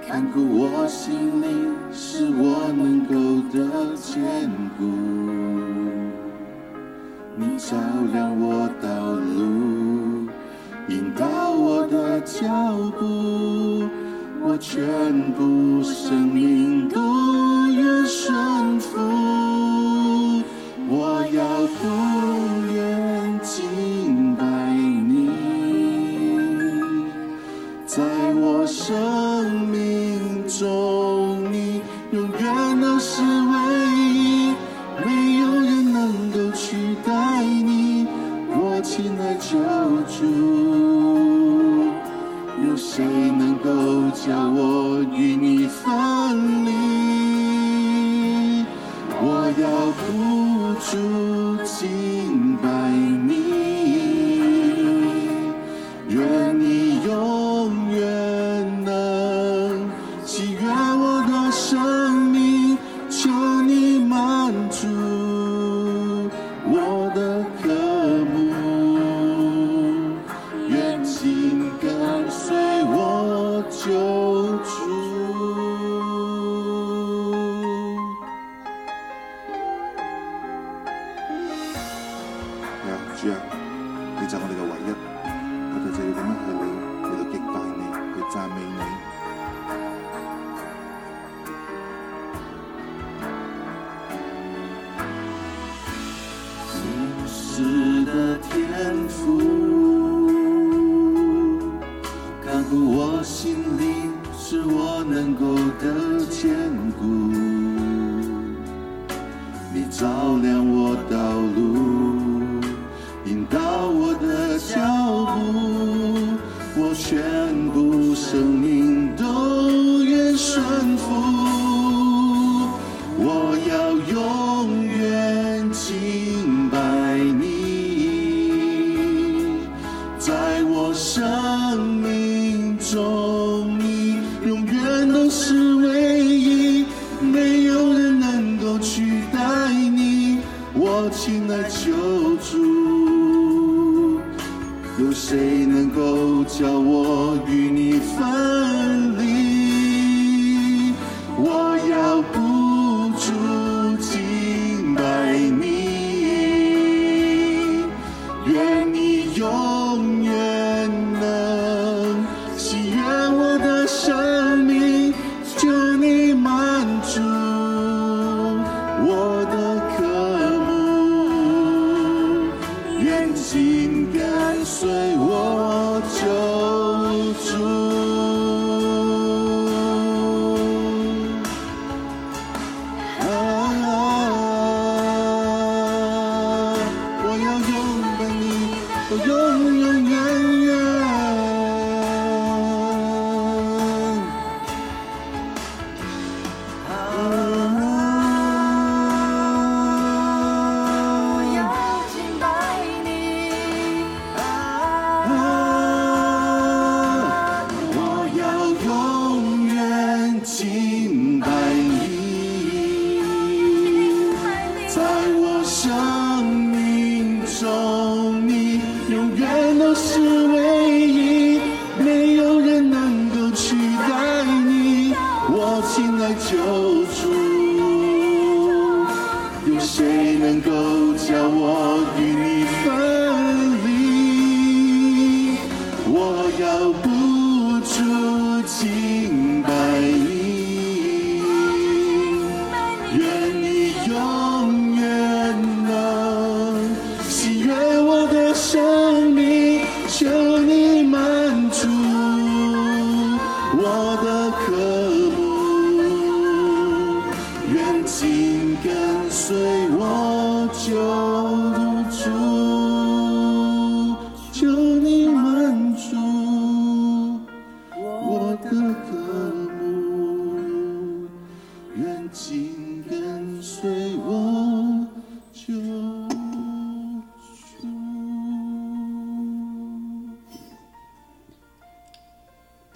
看顧我心靈，是我能夠的堅固，你照亮我道路，引導，腳步，我全部生命都。能夠得堅固，你照亮我道路，引導我的腳步，我全部生命都願順服。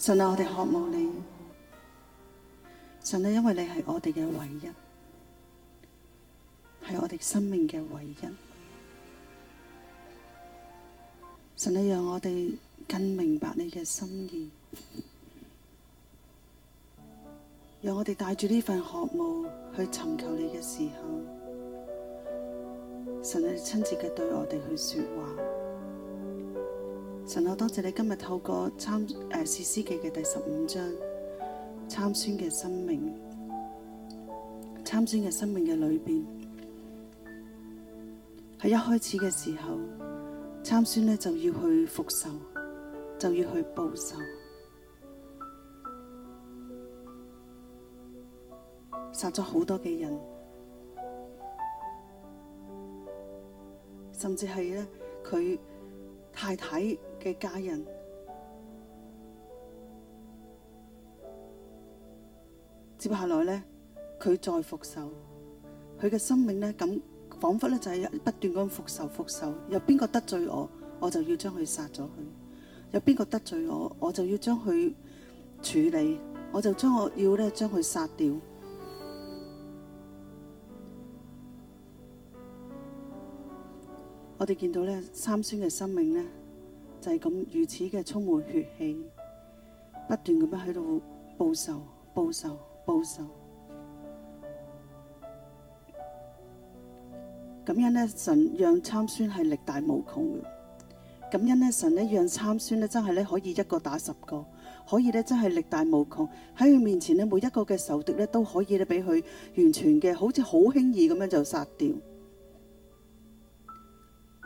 神啊，我哋渴慕你。神啊，因為你係我哋嘅唯一，係我哋生命嘅唯一。神啊，讓我哋更明白你嘅心意。讓我哋帶住呢份渴慕去尋求你嘅時候，神啊，親切嘅對我哋去說話。神啊，多謝你今日透過參、呃、士師記嘅第十五章，參孫嘅生命，參孫嘅生命嘅裏邊，喺一開始嘅時候，參孫呢就要去復仇，就要去報仇，殺咗好多嘅人，甚至係咧佢太太嘅家人，接下來呢，佢再復仇，佢嘅生命呢，咁仿佛呢，就係不斷咁復仇復仇。有邊個得罪我，我就要將佢殺咗佢；有邊個得罪我，我就要將佢處理，我就將我要呢，將佢殺掉。我哋見到呢參孫嘅生命呢。就係咁如此嘅充滿血氣，不斷咁樣喺度報仇、報仇、報仇。咁樣呢，神讓參孫係力大無窮嘅。咁樣呢，神呢讓參孫呢，真係呢可以一個打十個，可以呢真係力大無窮。喺佢面前呢，每一個嘅仇敵呢，都可以呢俾佢完全嘅，好似好輕易咁樣就殺掉。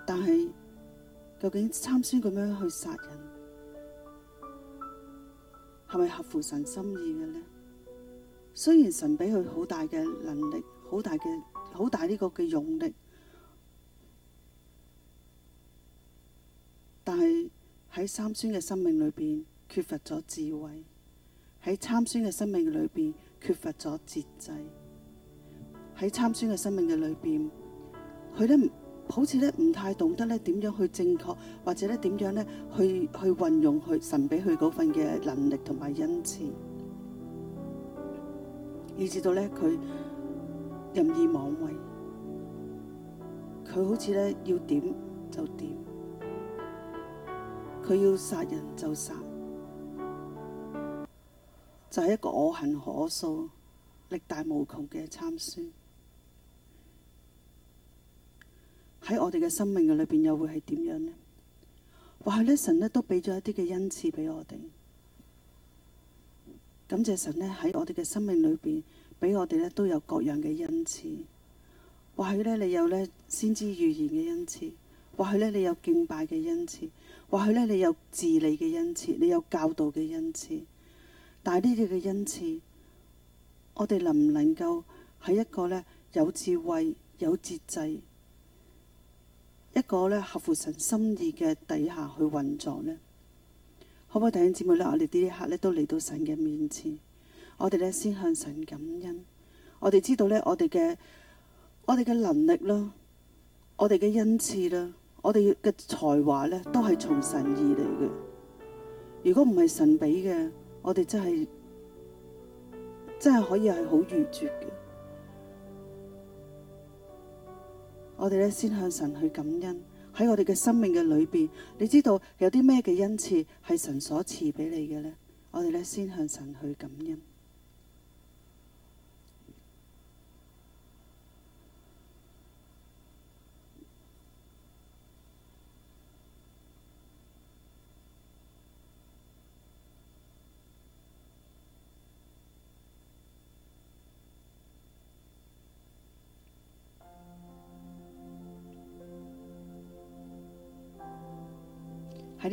但係。究竟參孫咁樣去殺人，係咪合乎神心意嘅呢？雖然神畀佢好大嘅能力，好大嘅好大呢個嘅勇力，但係喺參孫嘅生命裏邊缺乏咗智慧，喺參孫嘅生命裏邊缺乏咗節制，喺參孫嘅生命嘅裏邊，佢都唔好似咧唔太懂得咧點樣去正確，或者咧點樣咧去去運用神去神俾佢嗰份嘅能力同埋恩賜，以至到咧佢任意妄為，佢好似咧要點就點，佢要殺人就殺，就係、是、一個我行我素、力大無窮嘅參孫。喺我哋嘅生命嘅裏邊，又會係點樣呢？或許呢，神呢都俾咗一啲嘅恩賜俾我哋。感謝神呢，喺我哋嘅生命裏邊，俾我哋呢都有各樣嘅恩賜。或許呢，你有呢先知預言嘅恩賜；或許呢，你有敬拜嘅恩賜；或許呢，你有治理嘅恩賜，你有教導嘅恩賜。但係呢啲嘅恩賜，我哋能唔能夠喺一個呢有智慧、有節制？一個合乎神心意嘅底下去運作咧，可唔可以弟兄姊妹咧？我哋呢一刻咧都嚟到神嘅面前，我哋咧先向神感恩。我哋知道呢我哋嘅我哋嘅能力啦，我哋嘅恩賜啦，我哋嘅才華咧，都係從神而嚟嘅。如果唔係神俾嘅，我哋真係真係可以係好愚拙嘅。我哋呢先向神去感恩，喺我哋嘅生命嘅裏邊，你知道有啲咩嘅恩賜係神所賜畀你嘅呢？我哋呢先向神去感恩。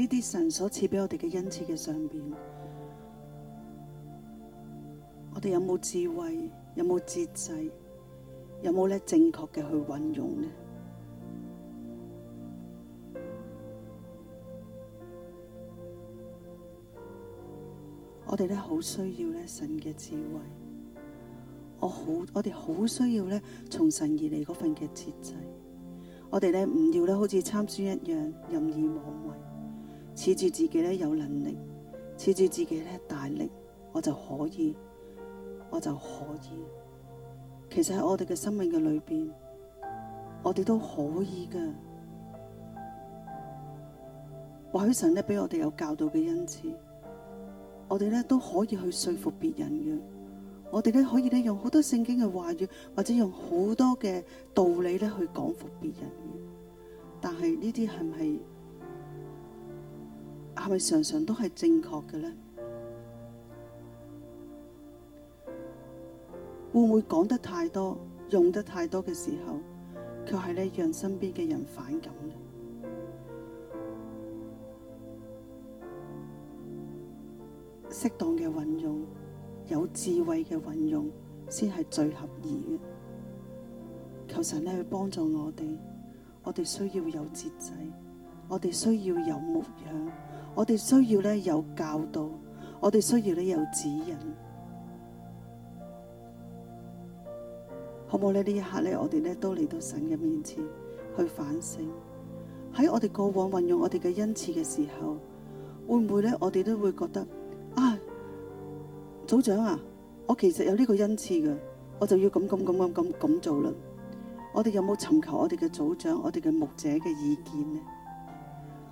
啲神所賜畀我哋嘅恩賜嘅上邊，我哋有冇智慧？有冇節制？有冇咧正確嘅去運用呢？我哋咧好需要咧神嘅智慧。我好，我哋好需要咧從神而嚟嗰份嘅節制。我哋咧唔要咧好似參孫一樣，任意妄為。恃住自己咧有能力，恃住自己咧大力，我就可以，我就可以。其實喺我哋嘅生命嘅裏邊，我哋都可以噶。或許神咧俾我哋有教導嘅恩賜，我哋咧都可以去說服別人嘅。我哋咧可以咧用好多聖經嘅話語，或者用好多嘅道理咧去講服別人嘅。但係呢啲係咪？係咪常常都係正確嘅呢？會唔會講得太多，用得太多嘅時候，卻係呢讓身邊嘅人反感呢？適當嘅運用，有智慧嘅運用，先係最合宜嘅。求神呢去幫助我哋，我哋需要有節制，我哋需要有模樣。我哋需要咧有教導，我哋需要咧有指引，好唔好咧？呢一刻咧，我哋咧都嚟到神嘅面前去反省，喺我哋過往運用我哋嘅恩賜嘅時候，會唔會咧？我哋都會覺得啊，哎，組長啊，我其實有呢個恩賜噶，我就要咁咁咁咁咁咁做啦。我哋有冇尋求我哋嘅組長、我哋嘅牧者嘅意見呢？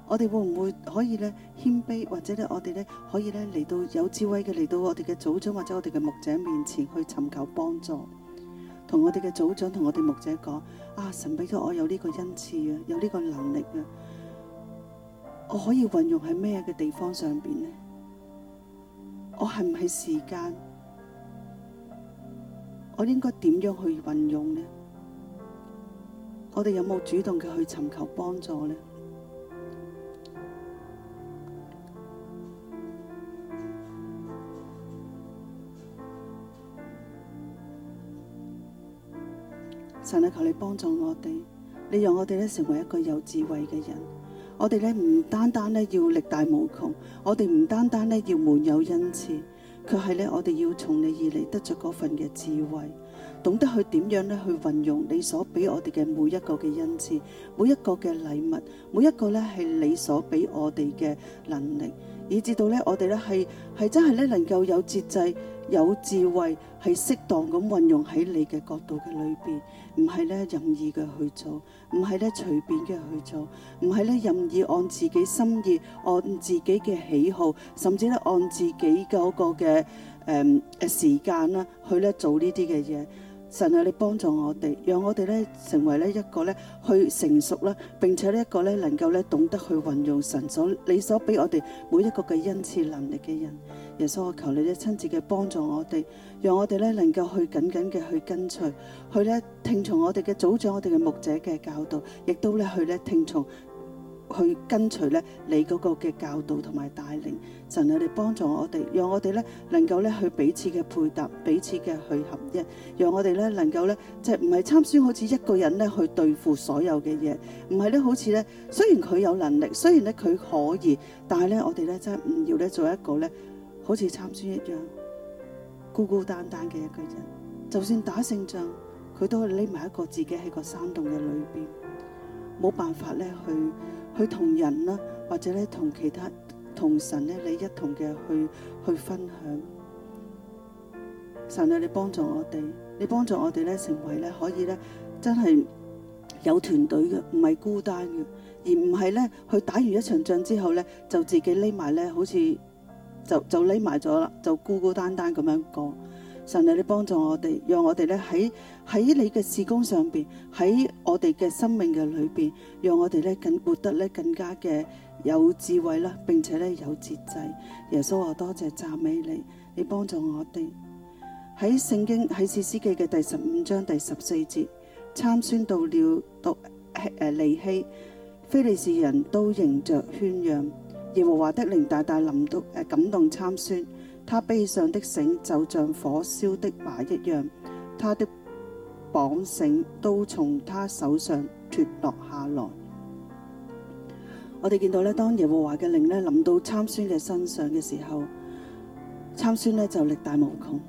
我哋會唔會可以呢？謙卑，或者咧我哋呢？可以呢？嚟到有智慧嘅嚟到我哋嘅組長或者我哋嘅牧者面前去尋求幫助，同我哋嘅組長同我哋牧者講：「啊，神俾咗我有呢個恩賜啊，有呢個能力啊，我可以運用喺咩嘅地方上面呢？我係唔係時間？我應該點樣去運用呢？我哋有冇主動嘅去尋求幫助呢？」神求你幫助我哋，你讓我哋咧成為一個有智慧嘅人。我哋咧唔單單咧要力大無窮，我哋唔單單咧要滿有恩賜，卻係咧我哋要從你而嚟得着嗰份嘅智慧，懂得去點樣咧去運用你所俾我哋嘅每一個嘅恩賜，每一個嘅禮物，每一個咧係你所俾我哋嘅能力。以至到咧，我哋咧係係真係咧能夠有節制、有智慧，係適當咁運用喺你嘅角度嘅裏邊，唔係咧任意嘅去做，唔係咧隨便嘅去做，唔係咧任意按自己心意、按自己嘅喜好，甚至咧按自己嘅嗰個嘅誒誒時間啦，去咧做呢啲嘅嘢。神啊！你幫助我哋，讓我哋咧成為咧一個咧去成熟啦，並且咧一個咧能夠咧懂得去運用神所你所俾我哋每一個嘅恩賜能力嘅人。耶穌，我求你咧親自嘅幫助我哋，讓我哋咧能夠去緊緊嘅去跟隨，去咧聽從我哋嘅組長、祖我哋嘅牧者嘅教導，亦都咧去咧聽從。去跟隨咧你嗰個嘅教導同埋帶領，神啊，你幫助我哋，讓我哋咧能夠咧去彼此嘅配搭，彼此嘅去合一，讓我哋咧能夠咧即係唔係參孫好似一個人咧去對付所有嘅嘢，唔係咧好似咧雖然佢有能力，雖然咧佢可以，但係咧我哋咧真係唔要咧做一個咧好似參孫一樣孤孤單單嘅一個人，就算打勝仗，佢都匿埋一個自己喺個山洞嘅裏邊，冇辦法咧去。佢同人啦，或者咧同其他同神咧，你一同嘅去去分享。神啊，你幫助我哋，你幫助我哋咧，成為咧可以咧，真係有團隊嘅，唔係孤單嘅，而唔係咧去打完一場仗之後咧，就自己匿埋咧，好似就就匿埋咗啦，就孤孤單單咁樣過。神啊，你幫助我哋，讓我哋咧喺。喺你嘅事工上邊，喺我哋嘅生命嘅裏邊，讓我哋咧更活得咧更加嘅有智慧啦，並且咧有節制。耶穌話多謝讚美你，你幫助我哋喺聖經喺士師記嘅第十五章第十四節，參孫到了讀利希非利士人都迎着圈養，耶和華的靈大大臨到，呃、感動參孫，他背上的繩就像火燒的麻一樣。他的。綁繩都從他手上脫落下來。我哋見到咧，當耶和華嘅靈咧臨到參孫嘅身上嘅時候，參孫咧就力大無窮，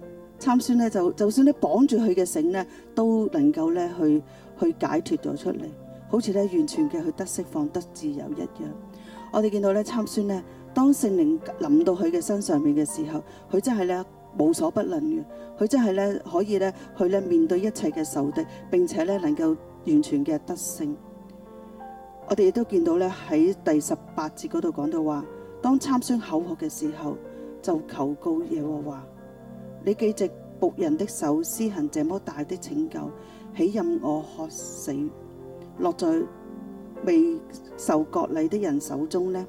參孫咧就就算你綁住佢嘅繩咧，都能夠咧去去解脫咗出嚟，好似咧完全嘅佢得釋放得自由一樣。我哋見到咧，參孫咧，當聖靈臨到佢嘅身上面嘅時候，佢真係咧。無所不能嘅，佢真係咧可以咧去咧面對一切嘅仇敵，並且咧能夠完全嘅得勝。我哋亦都見到咧，喺第十八節嗰度講到話，當參孫口渴嘅時候，就求告耶和華：你藉着僕人的手施行這麼大的拯救，豈任我渴死落在未受割禮的人手中呢？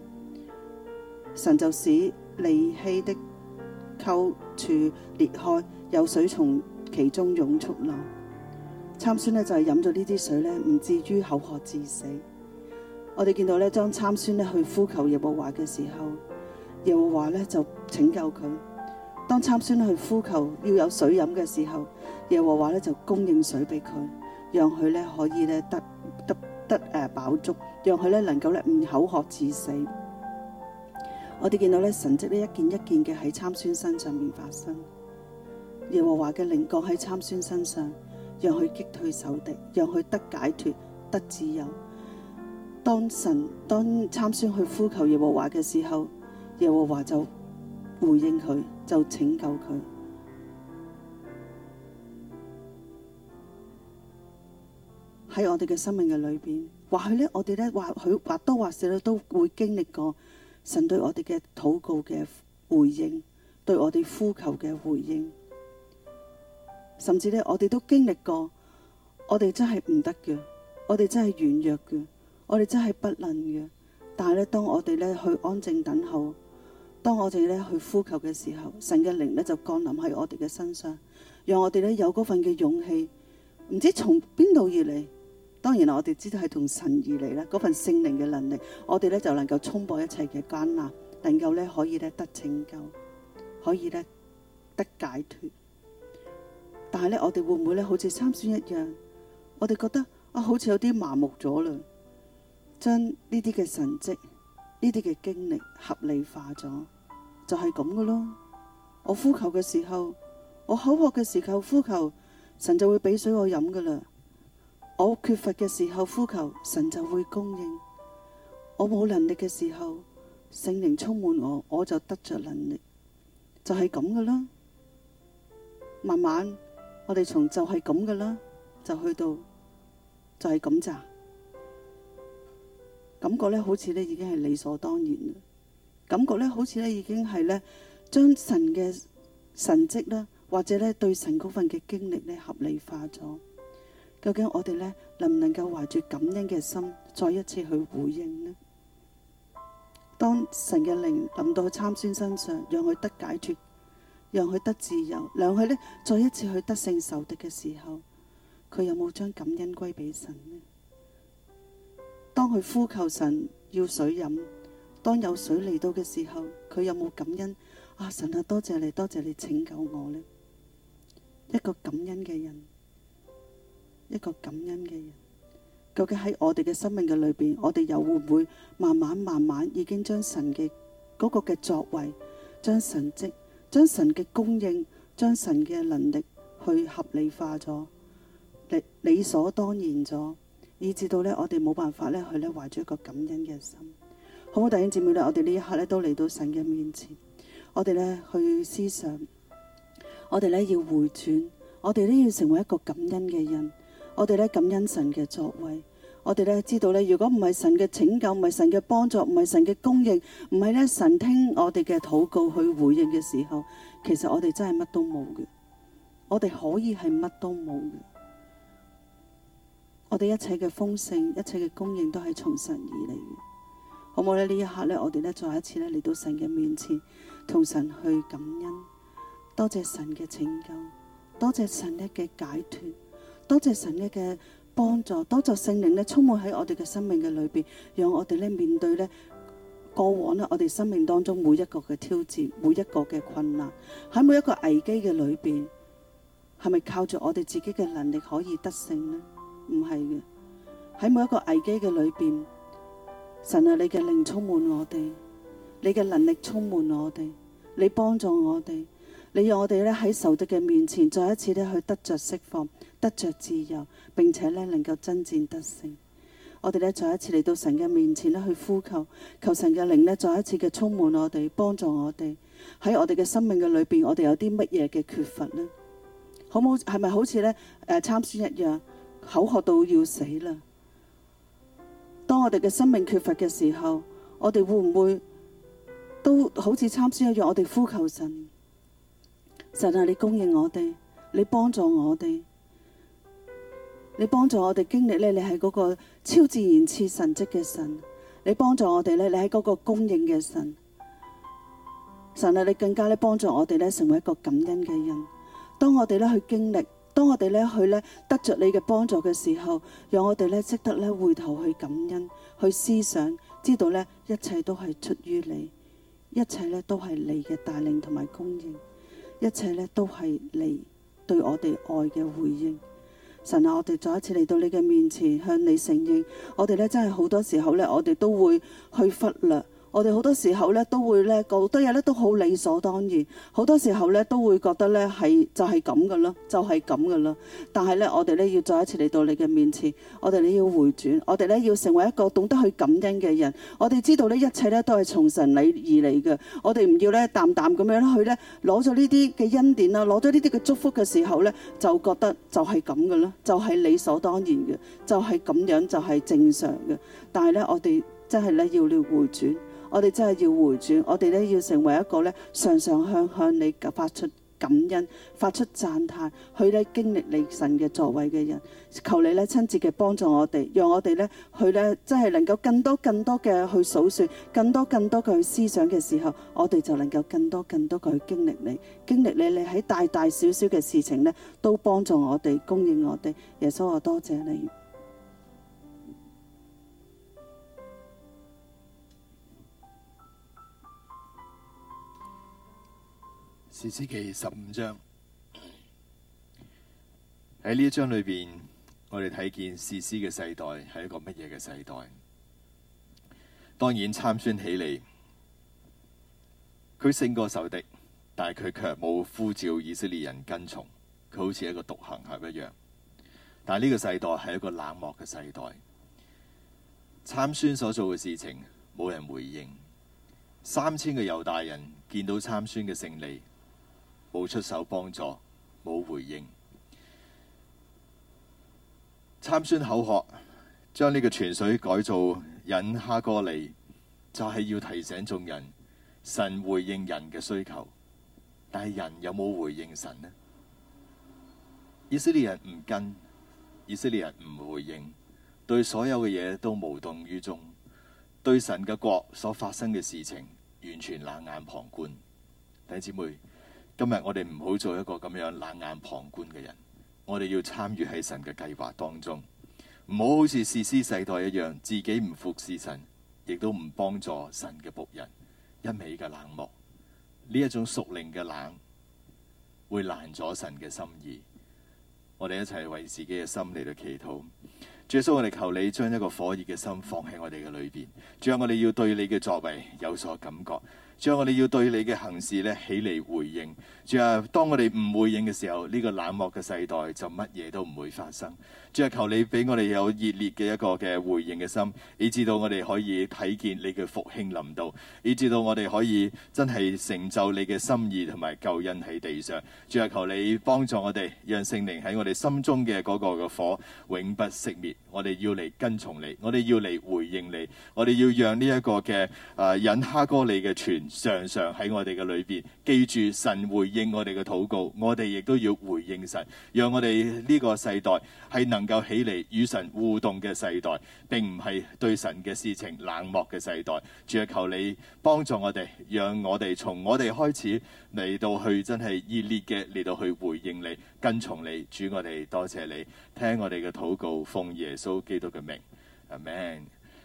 神就使利希的寇。處裂開，有水從其中湧出嚟。參孫咧就係飲咗呢啲水呢，唔至於口渴致死。我哋見到呢，當參孫咧去呼求耶和華嘅時候，耶和華呢就拯救佢。當參孫去呼求要有水飲嘅時候，耶和華呢就供應水俾佢，讓佢呢可以呢得得得誒飽足，讓佢呢能夠呢唔口渴致死。我哋見到咧神蹟咧一件一件嘅喺參孫身上面發生，耶和華嘅靈降喺參孫身上，讓佢擊退仇敵，讓佢得解脫、得自由。當神當參孫去呼求耶和華嘅時候，耶和華就回應佢，就拯救佢。喺我哋嘅生命嘅裏邊，或許咧我哋咧或許或多或少都會經歷過。神對我哋嘅禱告嘅回應，對我哋呼求嘅回應，甚至呢，我哋都經歷過，我哋真係唔得嘅，我哋真係軟弱嘅，我哋真係不能嘅。但係呢，當我哋呢去安靜等候，當我哋呢去呼求嘅時候，神嘅靈呢就降臨喺我哋嘅身上，讓我哋呢有嗰份嘅勇氣，唔知從邊度而嚟。當然啦，我哋知道係同神而嚟啦，嗰份聖靈嘅能力，我哋咧就能夠衝破一切嘅艱難，能夠咧可以咧得拯救，可以咧得解脫。但係咧，我哋會唔會咧好似參孫一樣？我哋覺得啊，好似有啲麻木咗啦，將呢啲嘅神跡、呢啲嘅經歷合理化咗，就係咁嘅咯。我呼求嘅時候，我口渴嘅時候呼求，神就會俾水我飲噶啦。我缺乏嘅時候，呼求神，就會供應；我冇能力嘅時候，聖靈充滿我，我就得着能力。就係咁噶啦。慢慢我哋從就係咁噶啦，就去到就係咁咋。感覺咧好似咧已經係理所當然啦。感覺咧好似咧已經係咧將神嘅神跡啦，或者咧對神嗰份嘅經歷咧合理化咗。究竟我哋呢，能唔能夠懷住感恩嘅心，再一次去回應呢？當神嘅靈臨到參孫身上，讓佢得解脫，讓佢得自由，讓佢呢，再一次去得勝受敵嘅時候，佢有冇將感恩歸俾神呢？當佢呼求神要水飲，當有水嚟到嘅時候，佢有冇感恩？啊神啊，多謝你，多謝你拯救我呢！一個感恩嘅人。一個感恩嘅人，究竟喺我哋嘅生命嘅裏邊，我哋又會唔會慢慢慢慢已經將神嘅嗰個嘅作為、將神蹟、將神嘅供應、將神嘅能力去合理化咗，理理所當然咗，以致到呢，我哋冇辦法呢去呢懷住一個感恩嘅心，好唔好？弟兄姊妹呢，我哋呢一刻呢都嚟到神嘅面前，我哋呢去思想，我哋呢要回轉，我哋呢要成為一個感恩嘅人。我哋咧感恩神嘅作為，我哋咧知道咧，如果唔係神嘅拯救，唔係神嘅幫助，唔係神嘅供應，唔係咧神聽我哋嘅禱告去回應嘅時候，其實我哋真係乜都冇嘅。我哋可以係乜都冇嘅。我哋一切嘅豐盛，一切嘅供應都係從神而嚟嘅，好唔好咧？呢一刻咧，我哋咧再一次咧嚟到神嘅面前，同神去感恩，多謝神嘅拯救，多謝神一嘅解脱，多謝神嘅嘅幫助，多謝聖靈咧充滿喺我哋嘅生命嘅裏邊，讓我哋咧面對咧過往咧，我哋生命當中每一個嘅挑戰，每一個嘅困難，喺每一個危機嘅裏邊，係咪靠住我哋自己嘅能力可以得勝呢？唔係嘅，喺每一個危機嘅裏邊，神啊，你嘅靈充滿我哋，你嘅能力充滿我哋，你幫助我哋，你讓我哋咧喺仇敵嘅面前再一次咧去得着釋放。得着自由，並且咧能夠爭戰得勝。我哋咧再一次嚟到神嘅面前咧去呼求，求神嘅靈咧再一次嘅充滿我哋，幫助我哋喺我哋嘅生命嘅裏邊，我哋有啲乜嘢嘅缺乏呢？好冇？係咪好似咧誒參孫一樣口渴到要死啦？當我哋嘅生命缺乏嘅時候，我哋會唔會都好似參孫一樣？我哋呼求神，神啊！你供應我哋，你幫助我哋。你幫助我哋經歷咧，你係嗰個超自然賜神蹟嘅神；你幫助我哋咧，你係嗰個供應嘅神。神啊，你更加咧幫助我哋咧成為一個感恩嘅人。當我哋咧去經歷，當我哋咧去咧得着你嘅幫助嘅時候，讓我哋咧識得咧回頭去感恩，去思想，知道咧一切都係出於你，一切咧都係你嘅帶領同埋供應，一切咧都係你對我哋愛嘅回應。神啊，我哋再一次嚟到你嘅面前，向你承認，我哋咧真係好多時候咧，我哋都會去忽略。我哋好多時候呢都會呢覺得嘢呢都好理所當然，好多時候呢都會覺得呢係就係咁噶啦，就係咁噶啦。但係呢，我哋呢要再一次嚟到你嘅面前，我哋你要回轉，我哋呢要成為一個懂得去感恩嘅人。我哋知道呢，一切呢都係從神裡而嚟嘅，我哋唔要呢淡淡咁樣去呢，攞咗呢啲嘅恩典啊，攞咗呢啲嘅祝福嘅時候呢，就覺得就係咁噶啦，就係、是、理所當然嘅，就係、是、咁樣就係、是、正常嘅。但係呢，我哋真係呢要你回轉。我哋真係要回轉，我哋呢要成為一個呢，常常向你發出感恩、發出讚歎，去呢經歷你神嘅作為嘅人。求你呢親自嘅幫助我哋，讓我哋呢去呢，真係能夠更多更多嘅去數算，更多更多嘅去思想嘅時候，我哋就能夠更多更多嘅去經歷你，經歷你你喺大大小小嘅事情呢，都幫助我哋、供應我哋。耶穌我多謝你。士師記十五章喺呢一章裏邊，我哋睇見士師嘅世代係一個乜嘢嘅世代？當然參孫起嚟，佢勝過仇敵，但係佢卻冇呼召以色列人跟從，佢好似一個獨行俠一樣。但係呢個世代係一個冷漠嘅世代，參孫所做嘅事情冇人回應。三千個猶大人見到參孫嘅勝利。冇出手幫助，冇回應。參孫口渴，將呢個泉水改造引下過嚟，就係、是、要提醒眾人：神回應人嘅需求，但係人有冇回應神呢？以色列人唔跟，以色列人唔回應，對所有嘅嘢都無動於衷，對神嘅國所發生嘅事情完全冷眼旁觀。弟兄姊妹。今日我哋唔好做一個咁樣冷眼旁觀嘅人，我哋要參與喺神嘅計劃當中，唔好好似士師世代一樣，自己唔服侍神，亦都唔幫助神嘅僕人，一味嘅冷漠，呢一種屬靈嘅冷，會難咗神嘅心意。我哋一齊為自己嘅心嚟到祈禱，耶穌，我哋求你將一個火熱嘅心放喺我哋嘅裏邊，主啊，我哋要對你嘅作為有所感覺。將我哋要對你嘅行事咧起嚟回應。就係當我哋唔回應嘅時候，呢個冷漠嘅世代就乜嘢都唔會發生。就係求你俾我哋有熱烈嘅一個嘅回應嘅心，以至到我哋可以睇見你嘅復興臨到，以至到我哋可以真係成就你嘅心意同埋救恩喺地上。就係求你幫助我哋，讓聖靈喺我哋心中嘅個個嘅火永不熄滅，我哋要嚟跟從你，我哋要嚟回應你，我哋要讓呢一個嘅啊隱哈歌利嘅泉常常喺我哋嘅裏邊，記住神回應。我哋嘅禱告，我哋亦都要回應神，讓我哋呢個世代係能夠起嚟與神互動嘅世代，並唔係對神嘅事情冷漠嘅世代。主要求你幫助我哋，讓我哋從我哋開始嚟到去真係熱烈嘅嚟到去回應你，跟從你。主，我哋多謝你聽我哋嘅禱告，奉耶穌基督嘅名，阿門。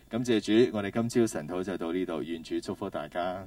感謝主，我哋今朝晨禱就到呢度，願主祝福大家。